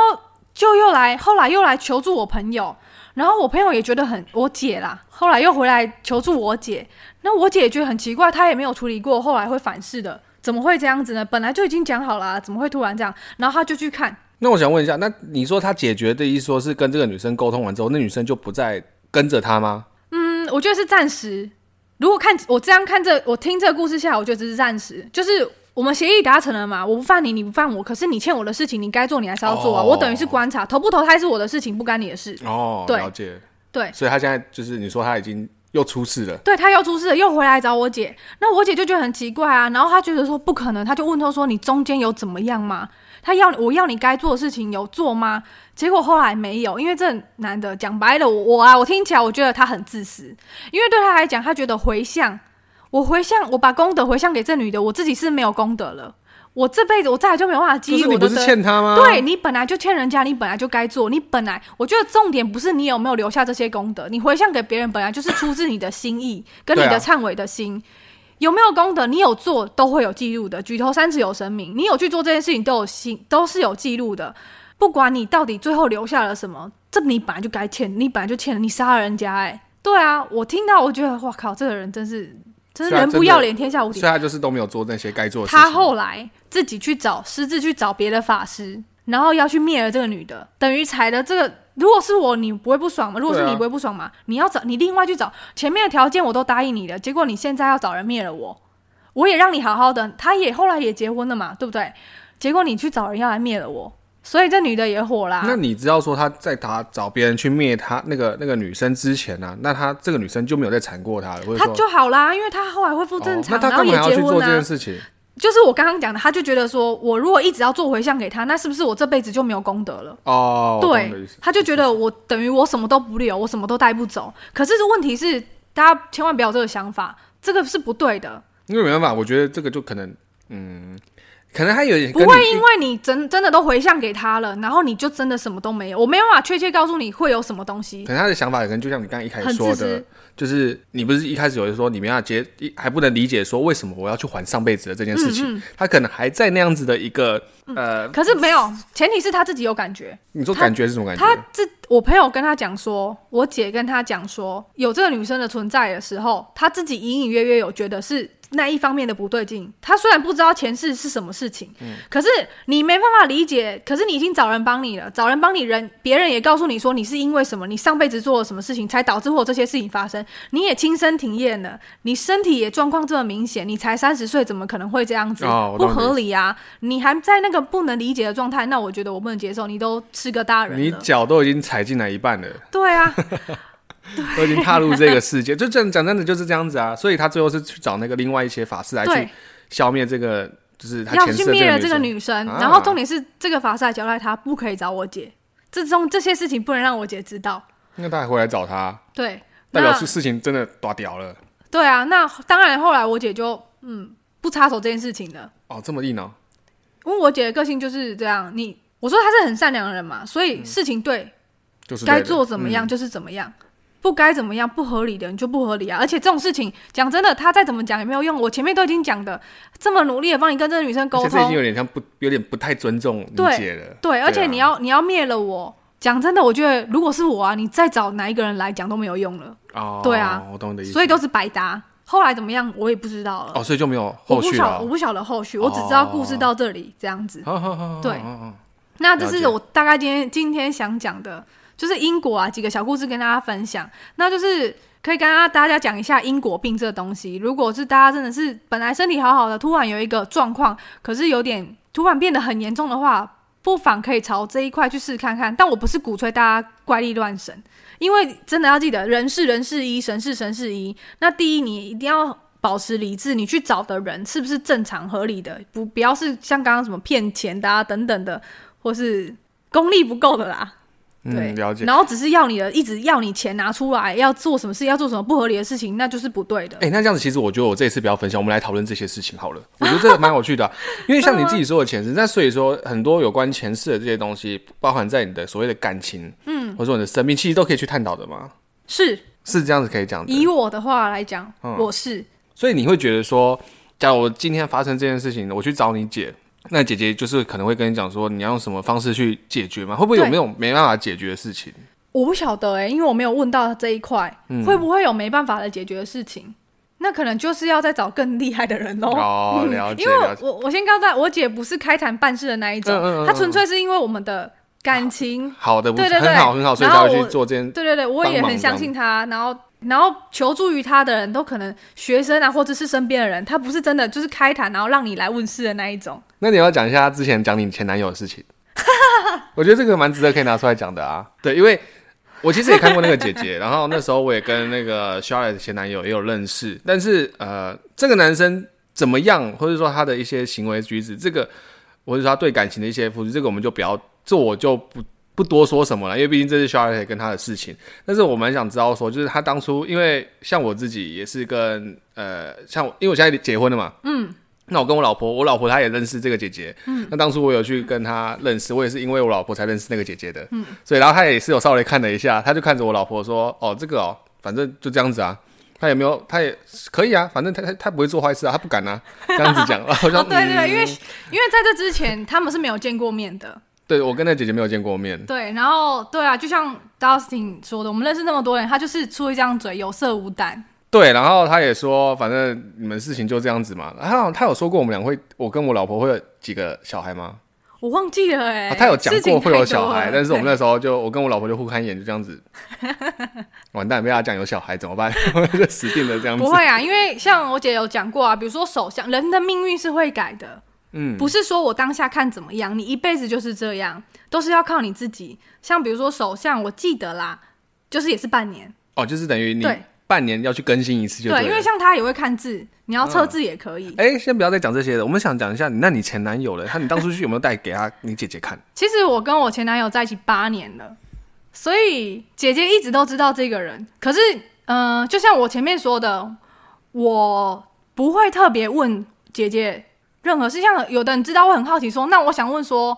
[SPEAKER 2] 就又來，後來又來求助我朋友。然後我朋友也覺得很我姐啦。後來又回來求助我姐，那我姐也覺得很奇怪，她也沒有處理過，後來會反噬的。怎麼會這樣子呢？本來就已經講好了啊，怎麼會突然這樣？然後他就去看。
[SPEAKER 1] 那我想問一下，那你說他解決的意思說是跟這個女生溝通完之後，那女生就不再跟着他嗎？
[SPEAKER 2] 嗯，我覺得是暫時。如果看我這樣看這，我聽這個故事下來，我覺得只是暫時。就是我們協議達成了嘛，我不犯你，你不犯我，可是你欠我的事情，你該做你還是要做啊。哦。我等於是觀察，投不投胎是我的事情，不干你的事。哦，對，了解。對，所
[SPEAKER 1] 以他現在就是你說他已經。又出事了，
[SPEAKER 2] 對，他又出事了，又回來找我姐，那我姐就覺得很奇怪啊，然後他覺得說不可能，他就問他說：“你中間有怎麼樣嗎？他要我要你該做的事情有做嗎？”結果後來沒有，因為這男的講白了我，我啊，我聽起來我覺得他很自私，因為對他來講，他覺得回向，我回向，我把功德回向給這女的，我自己是沒有功德了。我這輩子我再也就沒辦法記錄我的對，是不是欠他嗎？對，你本來就欠人家，你本來就該做，你本來我覺得重點不是你有沒有留下這些功德，你回向給別人本來就是出自你的心意 跟你的懺悔的心、啊、有沒有功德，你有做都會有記錄的，舉頭三尺有神明，你有去做這件事情都有心都是有記錄的，不管你到底最後留下了什麼，這你本來就該欠，你本來就欠了，你殺了人家哎、欸，對啊，我聽到我覺得哇靠，這個人真是。真是人不要臉，天下無敵。所以，他
[SPEAKER 1] 就是都沒有做那些該做的事情。事他
[SPEAKER 2] 後來自己去找，私自去找別的法師，然後要去滅了這個女的，等於踩了這個。如果是我，你不會不爽嗎？如果是你，不會不爽嗎、啊？你要找你另外去找，前面的條件我都答應你的，結果你現在要找人滅了我，我也讓你好好的。他也後來也結婚了嘛，對不對？結果你去找人要來滅了我。所以這女的也火啦。那
[SPEAKER 1] 你知道說他在他找別人去滅他那個那個女生之前呢、啊？那他這個女生就沒有再纏過他了，或者說他就
[SPEAKER 2] 好啦，因為他後來恢復正常、哦，那他幹嘛，還要去做這件事，然
[SPEAKER 1] 後也結婚
[SPEAKER 2] 啊、就是我剛剛講的，他就覺得說，我如果一直要做回向給他，那是不是我這輩子就沒有功德
[SPEAKER 1] 了？哦，對，我我
[SPEAKER 2] 他就覺得我等於我什麼都不留，我什麼都帶不走。可是這問題是，大家千萬不要有這個想法，這個是不對的。因
[SPEAKER 1] 為沒辦法，我覺得這個就可能，嗯。可能他有不會，因為
[SPEAKER 2] 你真真的都回向給他了，然後你就真的什麼都沒有。我沒有辦法確切告訴你會有什麼東西。可
[SPEAKER 1] 能他的想法可能就像你剛剛一開始說的，就是你不是一開始有的時候你們要接，還不能理解說為什麼我要去還上輩子的這件事情嗯嗯，他可能還在那樣子的一個、嗯、呃。可是
[SPEAKER 2] 沒有前提是他自己有感覺。你說感覺是什麼感覺？他這我朋友跟他講說，我姐跟他講說，有這個女生的存在的時候，他自己隱隱約約有覺得是。那一方面的不對勁，他雖然不知道前世是什麼事情，嗯，可是你沒辦法理解，可是你已經找人幫你了，找人幫你人，別人也告訴你說你是因為什麼，你上輩子做了什麼事情才導致我這些事情發生，你也親身體驗了，你身體也狀況這麼明顯，你才三十歲，怎麼可能會這樣子？哦，不合理啊！你還在那個不能理解的狀態，那我覺得我不能接受，你都是個大人，你
[SPEAKER 1] 腳都已經踩進來一半了。對啊。 我已經踏入這個世界，就這樣講真的就是這樣子啊，所以他最後是去找那個另外一些法師來去消滅這個，就是他前世的要去滅了這個女生、啊。然後重點
[SPEAKER 2] 是這個法師交代他不可以找我姐，這種這些事情不能讓我姐知道。
[SPEAKER 1] 那他還回來找他，
[SPEAKER 2] 對，代表是
[SPEAKER 1] 事情真的多屌了。
[SPEAKER 2] 對啊，那當然後來我姐就嗯不插手這件事情了。哦，這麼硬哦，因為我姐的個性就是這樣，你我說她是很善良的人嘛，所以事情對，嗯、
[SPEAKER 1] 就是該做怎麼樣就
[SPEAKER 2] 是怎麼樣。嗯不該怎麼樣，不合理的你就不合理啊！而且這種事情，講真的，他再怎麼講也沒有用。我前面都已經講的這麼努力的幫你跟這個女生溝通，現在已經有
[SPEAKER 1] 點像不，有點不太尊重你了。對，對、對、啊，而且你要
[SPEAKER 2] 你要滅了我。講真的，我覺得如果是我啊，你再找哪一個人來講都沒有用
[SPEAKER 1] 了。哦、對啊，我懂你的意思。所以都是
[SPEAKER 2] 白搭。後來怎麼樣，我也不知道了。
[SPEAKER 1] 哦，所以就沒有後續了、啊。我不曉我不
[SPEAKER 2] 曉得後續，我只知道故事到這裡這樣子。哦、對、哦哦哦對哦哦。那這是我大概今天今天想講的。就是因果啊，幾個小故事跟大家分享。那就是可以跟大家講一下因果病這個東西。如果是大家真的是本來身體好好的，突然有一個狀況，可是有點突然變得很嚴重的話，不妨可以朝這一塊去試看看。但我不是鼓吹大家怪力亂神，因為真的要記得，人是人是一，神是神是一。那第一，你一定要保持理智，你去找的人是不是正常合理的？不，不要是像剛剛什麼騙錢的啊，等等的，或是功力不夠的啦。
[SPEAKER 1] 嗯，了解。然後只
[SPEAKER 2] 是要你的，一直要你錢拿出來，要做什麼事，要做什麼不合理的事情，那就是不對的。
[SPEAKER 1] 哎、欸，那這樣子，其實我覺得我這一次不要分享，我們來討論這些事情好了。我覺得這個蠻有趣的、啊， 因為像你自己說的前世，那 所以說很多有關前世的這些東西，包含在你的所謂的感情，嗯，或者說你的生命，其實都可以去探討的嘛。是，是這樣子可以講。以
[SPEAKER 2] 我的話來講、嗯，我是。
[SPEAKER 1] 所以你會覺得說，假如今天發生這件事情，我去找你姐。那姐姐就是可能會跟你講說，你要用什麼方式去解決嗎？會不會有沒有沒辦法解決的事情？
[SPEAKER 2] 我不曉得哎、欸，因為我沒有問到這一塊、嗯，會不會有沒辦法來解決的事情？那可能就是要再找更厲害的人嘍。哦、嗯，了解。因為我我，我先告訴大家，我姐不是開壇辦事的那一種，嗯嗯嗯嗯，她純粹是因為我們的感情好，好的不是，對對，對很好很好，所以她會去做這
[SPEAKER 1] 件。對，對對對，我也很相信
[SPEAKER 2] 她。然後然後求助於她的人都可能學生啊，或者是身邊的人，她不是真的就是開壇然後讓你來問事的那一種。
[SPEAKER 1] 那你要講一下他之前講你前男友的事情， 我覺得這個蠻值得可以拿出來講的啊。 對，因為我其實也看過那個姐姐， 然後那時候我也跟那個 Charlotte 的前男友也有認識，但是呃，這個男生怎麼樣，或者說他的一些行為舉止，這個或者他對感情的一些付出，這個我們就不要，這我就不不多說什麼了，因為畢竟這是 Charlotte 跟他的事情。但是我蠻想知道說，就是他當初，因為像我自己也是跟呃，像我，因為我現在結婚了嘛，嗯。那我跟我老婆，我老婆她也認識這個姐姐。嗯，那當初我有去跟她認識，我也是因為我老婆才認識那個姐姐的。嗯，所以然後她也是有稍微看了一下，她就看着我老婆說：“哦，這個哦，反正就這樣子啊，她有沒有？她也可以啊，反正她她不會做壞事啊，她不敢啊。這樣子講。 ”像、哦、對對，對、嗯、因為
[SPEAKER 2] 因為在這之前他們是沒有見過面的。
[SPEAKER 1] 對，我跟那姐姐沒有見過面。
[SPEAKER 2] 對，然後對啊，就像 Dustin 說的，我們認識那麼多人，他就是出一張嘴，有色無膽。
[SPEAKER 1] 對，然後他也說，反正你們事情就這樣子嘛。他、啊、他有說過，我們倆會，我跟我老婆會有幾個小孩嗎？
[SPEAKER 2] 我忘記了哎、啊。他有講過會有小孩，但是我們那
[SPEAKER 1] 時候就我跟我老婆就互看一眼，就這樣子。 完蛋，被他講有小孩怎麼辦？ 就死定了這樣。不會啊，
[SPEAKER 2] 因為像我姐有講過啊，比如說手相，人的命運是會改的。嗯，不是說我當下看怎麼樣，你一輩子就是這樣，都是要靠你自己。像比如說手相，我記得啦，就是也是半年。
[SPEAKER 1] 哦，就是等於你。半年要去更新一次就對了，就對，因為像
[SPEAKER 2] 他也會看字，你要測字也可以。
[SPEAKER 1] 哎、嗯，欸，先不要再講這些了，我們想講一下，那你前男友了，他你當初去有沒有帶給他 你姐姐看？
[SPEAKER 2] 其實我跟我前男友在一起八年了，所以姐姐一直都知道這個人。可是，嗯、呃，就像我前面說的，我不會特別問姐姐任何事，像有的人知道會很好奇，說，那我想問說。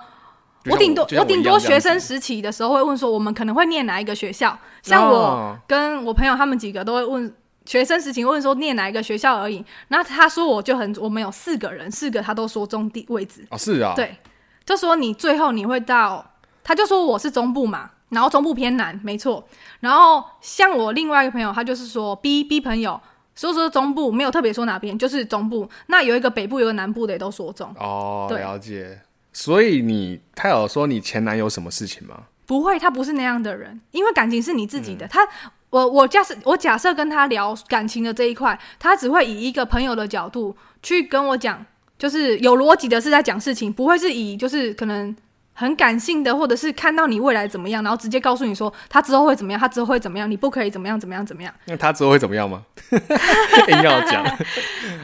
[SPEAKER 2] 我頂多我頂多學生時期的時候會問說，我們可能會念哪一個學校？哦、像我跟我朋友他們幾個都會問學生時期問說念哪一個學校而已。然後他說我就很，我們有四個人，四個他都說中地位置。哦、是啊對，就說你最後你會到，他就說我是中部嘛，然後中部偏南沒錯。然後像我另外一個朋友他就是說 B B 朋友，所以說中部沒有特別說哪邊，就是中部。那有一個北部，有一個南部的也都說中。
[SPEAKER 1] 哦對，了解。所以你他有說你前男友什麼事情嗎？
[SPEAKER 2] 不會，他不是那樣的人，因為感情是你自己的。嗯，他，我我假設我假設跟他聊感情的這一塊，他只會以一個朋友的角度去跟我講，就是有邏輯的是在講事情，不會是以就是可能。很感性的，或者是看到你未來怎麼樣，然後直接告訴你說他之他之後會怎麼樣，他之後會怎麼樣，你不可以怎麼樣，怎麼樣，怎麼樣？
[SPEAKER 1] 那他之後會怎麼樣嗎？
[SPEAKER 2] 要 講、欸，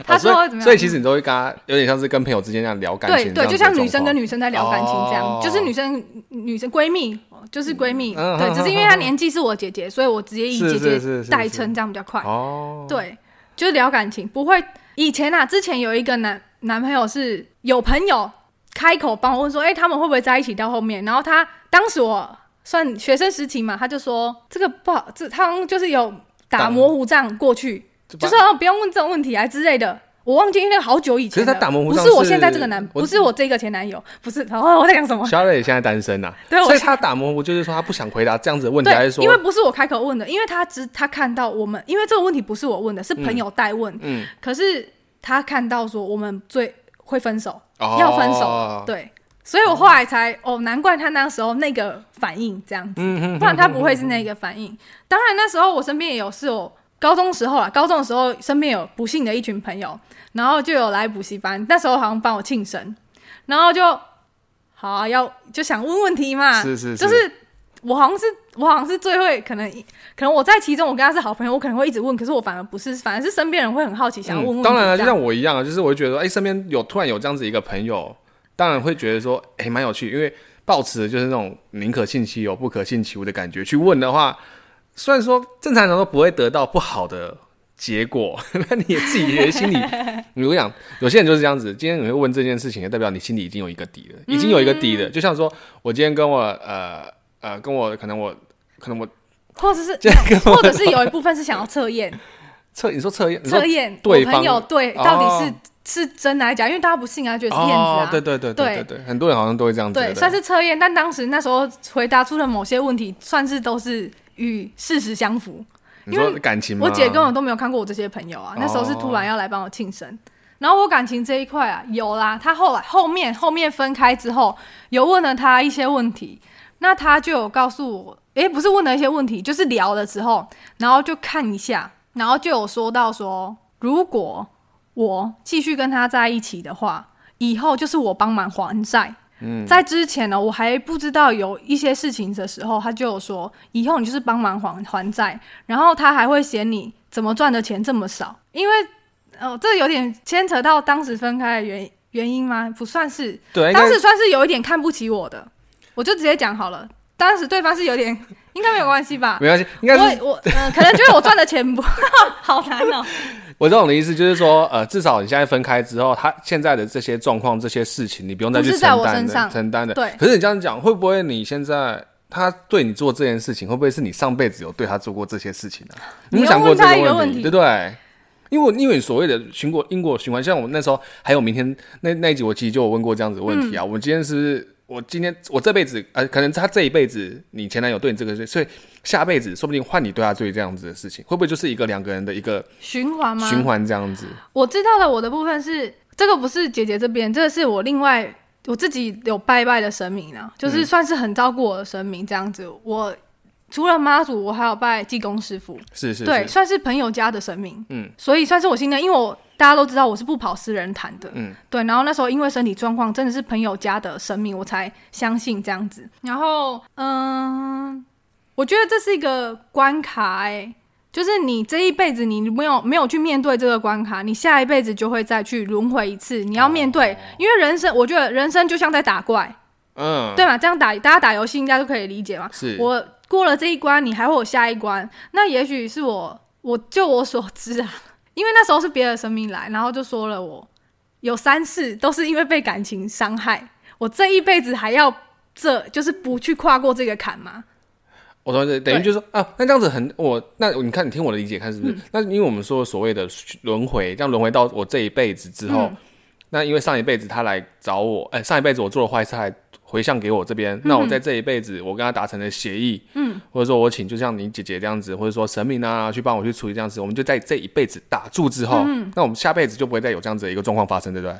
[SPEAKER 2] 他說，會怎麼樣、哦，所以，所以其
[SPEAKER 1] 實你都會跟他有點像是跟朋友之間那樣聊感情，對，對就像女生
[SPEAKER 2] 跟女生在聊感情這樣，哦、就是女生女生閨蜜就是閨蜜，嗯、對、嗯，只是因為她年紀是我姐姐、嗯，所以我直接以姐姐代稱，這樣比較快。哦，對，就是聊感情，不會，以前啊，之前有一個男男朋友是有朋友。開口幫我問說：“哎、欸，他們會不會在一起到後面？”然後他當時我算學生時期嘛，他就說：“這個不好，這他就是有打模糊賬過去，就是啊，不用問這種問題啊之類的。”我忘記因為好久以前，其實他打模糊，不是我現在這個男，不是我這個前男友，不是。然、啊、後我在講什麼？肖
[SPEAKER 1] 磊現在單身吶、啊，對，所以他打模糊就是說他不想回答這樣子的問題，還是說，因為不
[SPEAKER 2] 是我開口問的，因為他只他看到我們，因為這個問題不是我問的，是朋友代問、嗯嗯，可是他看到說我們最。會分手，哦，要分手，對，所以我後來才哦，難怪他那時候那個反應這樣子，不然他不會是那個反應。 當然那時候我身邊也有室友，是我高中的時候啊，高中的時候身邊有不幸的一群朋友，然後就有來補習班，那時候好像幫我慶生，然後就好、啊、要就想問問題嘛，是是是，就是。我好像是我好像是最會可能可能我在其中，我跟他是好朋友，我可能會一直問，可是我反而不是，反而是身邊人會很好奇，想要問，問、嗯。當然了，就像
[SPEAKER 1] 我一樣啊，就是我會覺得說，哎、欸，身邊有突然有這樣子一個朋友，當然會覺得說，哎、欸，蠻有趣。因為抱持就是那種寧可信其有，不可信其無的感覺去問的話，雖然說正常人都不會得到不好的結果，那 你也自己覺得心裡，如果講，有些人就是這樣子。今天你會問這件事情，代表你心裡已經有一個底了，已經有一個底了。嗯、就像說我今天跟我呃。呃，跟我可能我，可能我，
[SPEAKER 2] 或者是， 哦、或者是有一部分是想要測驗，
[SPEAKER 1] 測你說測驗測驗，對，朋友對、哦、到底是
[SPEAKER 2] 是真的還是假，因為大家不信啊，覺得是騙子啊、哦，對對對對對對，對，對對對，
[SPEAKER 1] 很多人好像都會這樣子對，對，算是
[SPEAKER 2] 測驗，但當時那時候回答出的某些問題，算是都是與事實相符。你
[SPEAKER 1] 說感情，我姐跟我都
[SPEAKER 2] 沒有看過我這些朋友啊，哦、那時候是突然要來幫我慶生，然後我感情這一塊啊，有啦，他後來後面後面分開之後，有問了他一些問題。那他就有告訴我，哎、欸，不是問了一些問題，就是聊的時候，然後就看一下，然後就有說到說，如果我繼續跟他在一起的話，以後就是我幫忙還債。嗯，在之前呢，我還不知道有一些事情的時候，他就有說，以後你就是幫忙還還債，然後他還會嫌你怎麼賺的錢這麼少，因為，呃，這有點牽扯到當時分開的原因，原因嗎？不算是，對，當時算是有一點看不起我的。我就直接講好了。當時對方是有點，應該沒有關係吧？沒關係，應該我我、呃、可能覺得我賺的錢不 好難
[SPEAKER 1] 哦。我這種的意思就是說，呃，至少你現在分開之後，他現在的這些狀況、這些事情，你不用再去承擔的。不是在我身上承擔的，對。可是你這樣講，會不會你現在他對你做這件事情，會不會是你上輩子有對他做過這些事情啊？你有有想過這個問題，對不對？因為因為你所謂的因果因果循環，像我那時候還有明天那那一集，我其實就有問過這樣子的問題啊。嗯、我們今天是。我今天，我這輩子，呃，可能他這一輩子，你前男友對你這個，所以下輩子說不定換你對他做這樣子的事情，會不會就是一個兩個人的一個
[SPEAKER 2] 循環嗎？循環這樣子。我知道的我的部分是，這個不是姐姐這邊，這個是我另外我自己有拜拜的神明啊，就是算是很照顧我的神明這樣子，嗯、我。除了媽祖，我還有拜濟公師傅。是是，是對，對，算是朋友家的神明。嗯，所以算是我心在，因為我大家都知道我是不跑私人壇。的。嗯，對。然後那時候因為身體狀況，真的是朋友家的神明，我才相信這樣子。然後，嗯、呃，我覺得這是一個關卡、欸，哎，就是你這一輩子你沒有沒有去面對這個關卡，你下一輩子就會再去輪回一次，你要面對、哦。因為人生，我覺得人生就像在打怪，嗯，對嘛？這樣打大家打遊戲應該都可以理解嘛。是我。過了這一關，你還會有下一關。那也許是我，我就我所知啊，因為那時候是別的生命來，然後就說了我有三次都是因為被感情傷害。我這一輩子還要這就是不去跨過這個坎嗎？
[SPEAKER 1] 我說等於就是啊，那這樣子很我那你看你聽我的理解看是不是？嗯、那因為我們說所謂的輪迴，這樣輪迴到我這一輩子之後、嗯，那因為上一輩子他來找我，哎、欸，上一輩子我做了壞事。回向給我這邊，嗯、那我在這一輩子，我跟他達成了協議，嗯，或者說，我請就像你姐姐這樣子，嗯、或者說神明啊，啊，去幫我去處理這樣子，我們就在這一輩子打住之後，嗯、那我們下輩子就不會再有這樣子的一個狀況發生，對不對？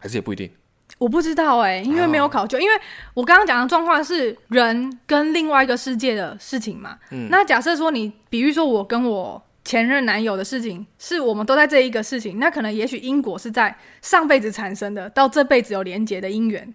[SPEAKER 1] 還是也不一定，
[SPEAKER 2] 我不知道哎、欸，因為沒有考究。哦、因為我剛剛講的狀況是人跟另外一個世界的事情嘛，嗯，那假設說你，比喻說我跟我前任男友的事情，是我們都在這一個事情，那可能也許因果是在上輩子產生的，到這輩子有連接的因緣。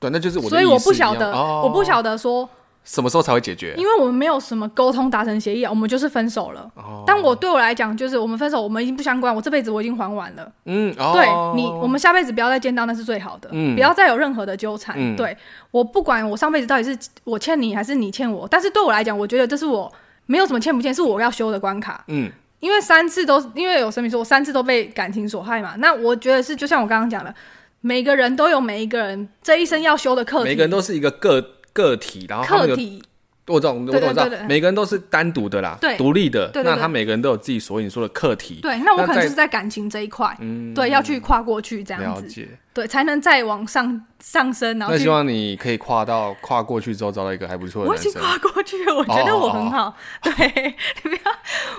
[SPEAKER 1] 對，那就是我所以我不曉得、哦，我不曉得說什麼時候才會解決，因
[SPEAKER 2] 為我們沒有什麼溝通達成協議、啊，我們就是分手了。哦、但我對我來講，就是我們分手，我們已經不相關，我這輩子我已經還完了。嗯。哦、對你，我們下輩子不要再見到，那是最好的。嗯。不要再有任何的糾纏、嗯。對我不管我上輩子到底是我欠你還是你欠我，但是對我來講，我覺得這是我沒有什麼欠不欠，是我要修的關卡。嗯。因為三次都因為有神明說，我三次都被感情所害嘛。那我覺得是就像我剛剛講的。每個人都有每一個人這一生要修的課題。每個人都
[SPEAKER 1] 是一個個個體，然後課題。我知道，我知道，對對對對每個人都是單獨的啦，獨立的對對對。那他每個人都有自己所以說的課題。對，那我可能就是在
[SPEAKER 2] 感情這一塊，嗯，對，要去跨過去這樣子，嗯、了解對，才能再往上上升然後，那希望
[SPEAKER 1] 你可以跨到跨過去之後，找到一個還不錯的。我已經跨
[SPEAKER 2] 過去了，我覺得我很好。哦哦哦哦對， 你不要，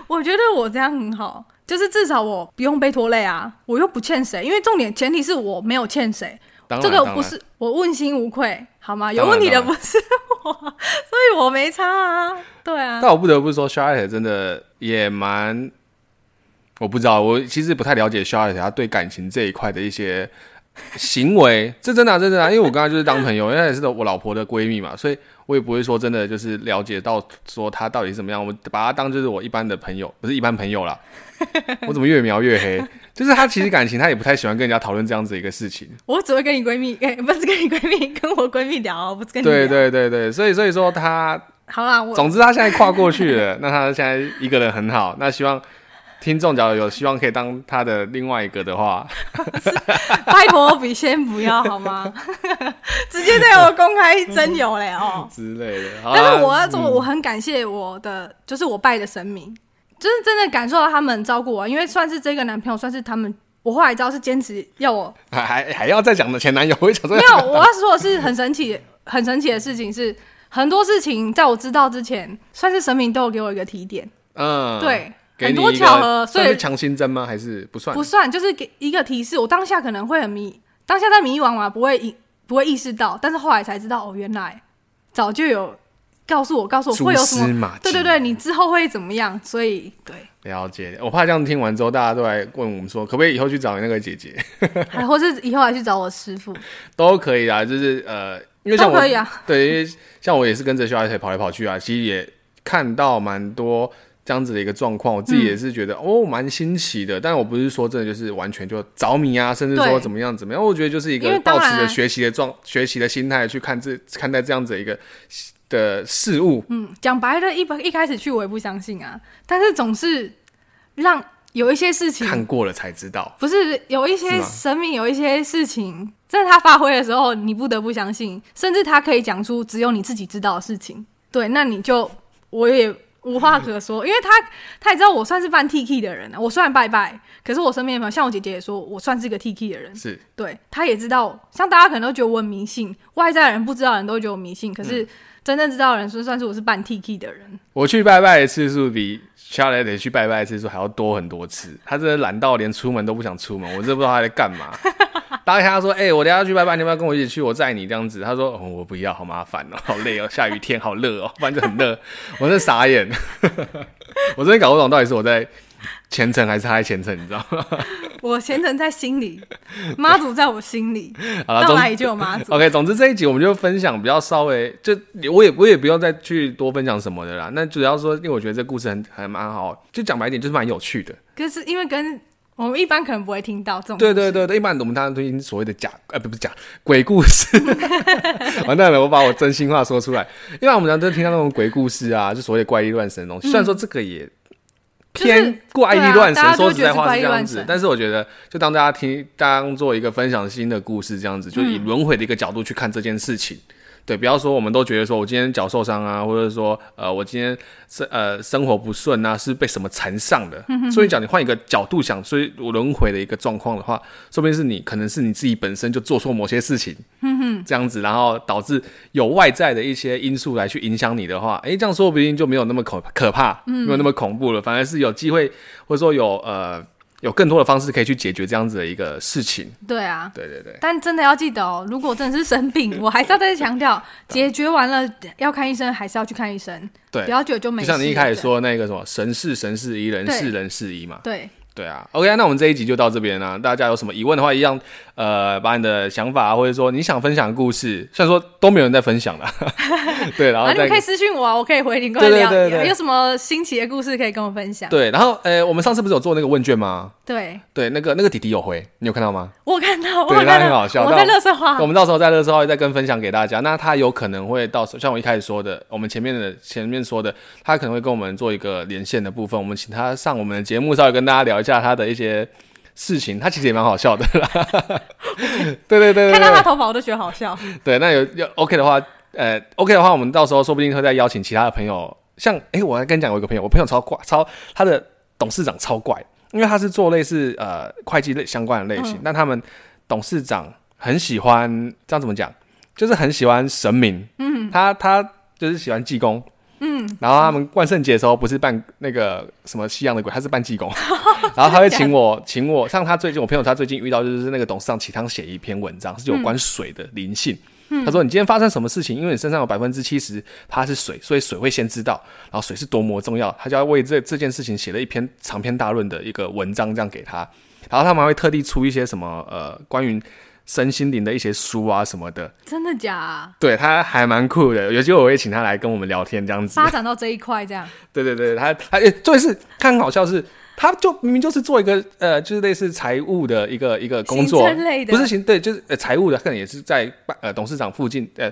[SPEAKER 2] 我覺得我這樣很好，就是至少我不用被拖累啊，我又不欠誰。因為重點前提是我沒有欠誰，這個不是我問心無愧好嗎？有問題的不是。 所以我沒差啊，對啊。但我
[SPEAKER 1] 不得不說 Charlotte 真的也蠻……我不知道，我其實不太了解 Charlotte 她對感情這一塊的一些行為。 這真的、啊，這真的、啊，因為我剛才就是當朋友，因為她也是我老婆的閨蜜嘛，所以我也不會說真的就是了解到說她到底是怎麼樣。我把她當就是我一般的朋友，不是一般朋友啦。我怎麼越描越黑？ 就是他其實感情他也不太喜歡跟人家討論這樣子的一個事情。
[SPEAKER 2] 我只會跟你閨蜜、欸，不是跟你閨蜜，跟我閨蜜聊，不是跟你，對
[SPEAKER 1] 對對對，所以所以說他
[SPEAKER 2] 好啦，總之他現在跨過去
[SPEAKER 1] 了， 那他現在一個人很好。那希望聽眾角有希望可以當他的另外一個的話，
[SPEAKER 2] 拜託比先不要好嗎？ 直接對我公開真有嘞哦
[SPEAKER 1] 之類的。但是我要做，我很
[SPEAKER 2] 感謝我的、嗯，就是我拜的神明。就是真的感受到他們照顧我，因為算是這個男朋友，算是他們。我後來知道是堅持要我，
[SPEAKER 1] 還還還要再講的前男友會講這個。
[SPEAKER 2] 沒有，我要說的是很神奇、 很神奇的事情是，很多事情在我知道之前，算是神明都有給我一個提點。
[SPEAKER 1] 嗯，對，很多巧合。算是強心針嗎？還是不算？不
[SPEAKER 2] 算，就是給一個提示。我當下可能會很迷，當下在迷惘，不會意不會意識到，但是後來才知道，哦，原來早就有。告訴我，告訴我會有什麼？對對對，你之後會怎麼樣？所以，
[SPEAKER 1] 對，了解。我怕這樣聽完之後，大家都來問我們說，可不可以以後去找你那個姐姐，
[SPEAKER 2] 或是以後來去找我師傅，就是
[SPEAKER 1] 呃，都可以啊。就是呃，因為像我，對，因為像我也是跟着小孩起跑來跑去啊。其實也看到蠻多這樣子的一個狀況，我自己也是覺得、嗯、哦，蠻新奇的。但我不是說真的就是完全就着迷啊，甚至說怎麼樣怎麼樣，我覺得就是一個保持著學習的狀、啊、學習的心態去看這看待這樣子的一個。的事物，
[SPEAKER 2] 嗯，講白了一般一開始去我也不相信啊，但是總是讓有一些事情看
[SPEAKER 1] 過了才知道，不
[SPEAKER 2] 是有一些神明，有一些事情，在他發揮的時候，你不得不相信，甚至他可以講出只有你自己知道的事情。對，那你就我也無話可說， 因為他他也知道我算是半鐵齒的人、啊、我雖然拜拜，可是我身邊的朋友，像我姐姐也說我算是個鐵齒的人，是對，他也知道，像大家可能都覺得我很迷信，外在的人不知道的人都覺得我迷信，可是。嗯真正知道的人，算算是我是半 TK 的人，
[SPEAKER 1] 我去拜拜的次數比 Charlotte 去拜拜的次數還要多很多次。他真的懶到連出門都不想出門，我真的不知道他在幹嘛。大 家他說，哎、欸，我等下去拜拜，你不要跟我一起去，我載你這樣子。他說，哦、我不要，好麻煩哦、喔，好累哦、喔，下雨天好熱哦、喔，反 正很熱。我真傻眼， 我真搞不懂到底是我在。前程還是他的前程，你知道嗎？
[SPEAKER 2] 我前程在心裡，媽祖在我心裡， 到哪裡就有媽祖。OK，
[SPEAKER 1] 總之這一集我們就分享比較稍微，就我也我也不用再去多分享什麼的啦。那主要說，因為我覺得這故事很還蠻好，就講白一點就是蠻有趣的。
[SPEAKER 2] 可是因為跟我們一般可能不會聽到這種。
[SPEAKER 1] 對對對，一般我們大家聽所謂的假，呃，不是假鬼故事， 完蛋了，我把我真心話說出來。因為我們常常都聽到那種鬼故事啊，就所謂的怪力亂神的東西，嗯。雖然說這個也。
[SPEAKER 2] 偏怪力亂神，就是啊、神，說實在話是這樣子，但是
[SPEAKER 1] 我覺得就當大家聽，當做一個分享新的故事這樣子，就以輪迴的一個角度去看這件事情。嗯對，不要說我們都覺得說，我今天腳受傷啊，或者說，呃，我今天呃生活不順啊，是被什麼纏上的。呵呵呵。所以講，你換一個角度想，所以輪回的一個狀況的話，說不定是你可能是你自己本身就做錯某些事情呵呵，這樣子，然後導致有外在的一些因素來去影響你的話，誒、欸、這樣說不定就沒有那麼恐，可怕，沒有那麼恐怖了，嗯、反而是有機會，或者說有呃。有更多的方式可以去解決這樣子的一個事情。
[SPEAKER 2] 對啊，對對對。但真的要記得哦，如果真的是生病， 我還是要再強調，解決完了要看醫生，還是要去看醫生。對，比較久就沒。就像你一開
[SPEAKER 1] 始說那個什麼“神是神是醫，人是人是醫”嘛。對。對對啊，OK，啊那我們這一集就到這邊啦、啊。大家有什麼疑問的話，一樣，呃，把你的想法、啊、或者說你想分享的故事，雖然說都沒有人在分享了， 對。然後、啊、你們可以私
[SPEAKER 2] 訊我啊，我可以回你跟聊。對，對，對，對，有什麼新奇的故事可以跟我分享？對，然
[SPEAKER 1] 後，呃、欸，我們上次不是有做那個問卷嗎？對對，那個那個弟弟有回，你有看到嗎？
[SPEAKER 2] 我看到，我看到，他很好笑，我在垃圾話。我們
[SPEAKER 1] 到時候在垃圾話再跟分享給大家。那他有可能會到，像我一開始說的，我們前面的前面說的，他可能會跟我們做一個連線的部分，我們請他上我們的節目，稍微跟大家聊一下。講他的一些事情，他其實也蠻好笑的。 對對對、對，看到他
[SPEAKER 2] 頭髮我都覺得好笑。
[SPEAKER 1] 對，那有要 OK 的話，呃，OK 的話，我們到時候說不定會再邀請其他的朋友。像，哎、欸，我還跟你講，過一個朋友，我朋友超怪，超他的董事長超怪，因為他是做類似呃會計類相關的類型，嗯，但他們董事長很喜歡，這樣怎麼講？就是很喜歡神明。嗯，他他就是喜歡濟公。嗯，然後他們萬聖節的時候不是扮那個什麼西洋的鬼，他是扮濟公。 然後他會請我， 請我像他最近，我朋友他最近遇到就是那個董事長請他寫一篇文章，嗯、是有關水的靈性、嗯。他說你今天發生什麼事情，因為你身上有百分之七十它是水，所以水會先知道，然後水是多麼重要，他就要為這這件事情寫了一篇長篇大論的一個文章這樣給他。然後他們還會特地出一些什麼呃關於。身心靈的一些書啊什麼的，
[SPEAKER 2] 真的假、啊？
[SPEAKER 1] 對，他還蠻酷的，有機會我會請他來跟我們聊天這樣子。發
[SPEAKER 2] 展到這一塊這樣？
[SPEAKER 1] 對對對，他哎，最、欸就是他很好笑是，是他就明明就是做一個呃，就是類似財務的一個一個工作，類的不是行對，就是財、呃、務的，可能也是在辦呃董事長附近呃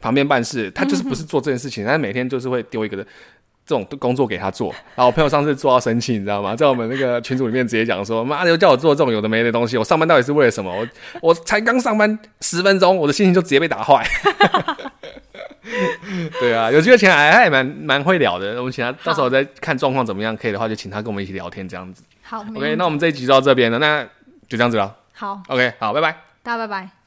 [SPEAKER 1] 旁邊辦事，他就是不是做這件事情，他、嗯、每天就是會丟一個的。這種工作給他做，然後我朋友上次做到生氣，你知道嗎？在我們那個群組裡面直接講說，媽的叫我做這種有的沒的東西，我上班到底是為了什麼？我我才剛上班十分鐘，我的心情就直接被打壞。 對啊，有機會前來還還蠻蠻會聊的，我們請他到時候再看狀況怎麼樣，可以的話就請他跟我們一起聊天這樣子。
[SPEAKER 2] 好，OK，沒問題，那我們
[SPEAKER 1] 這一集就到這邊了，那就這樣子了。好，OK，好，拜拜，
[SPEAKER 2] 大家拜拜。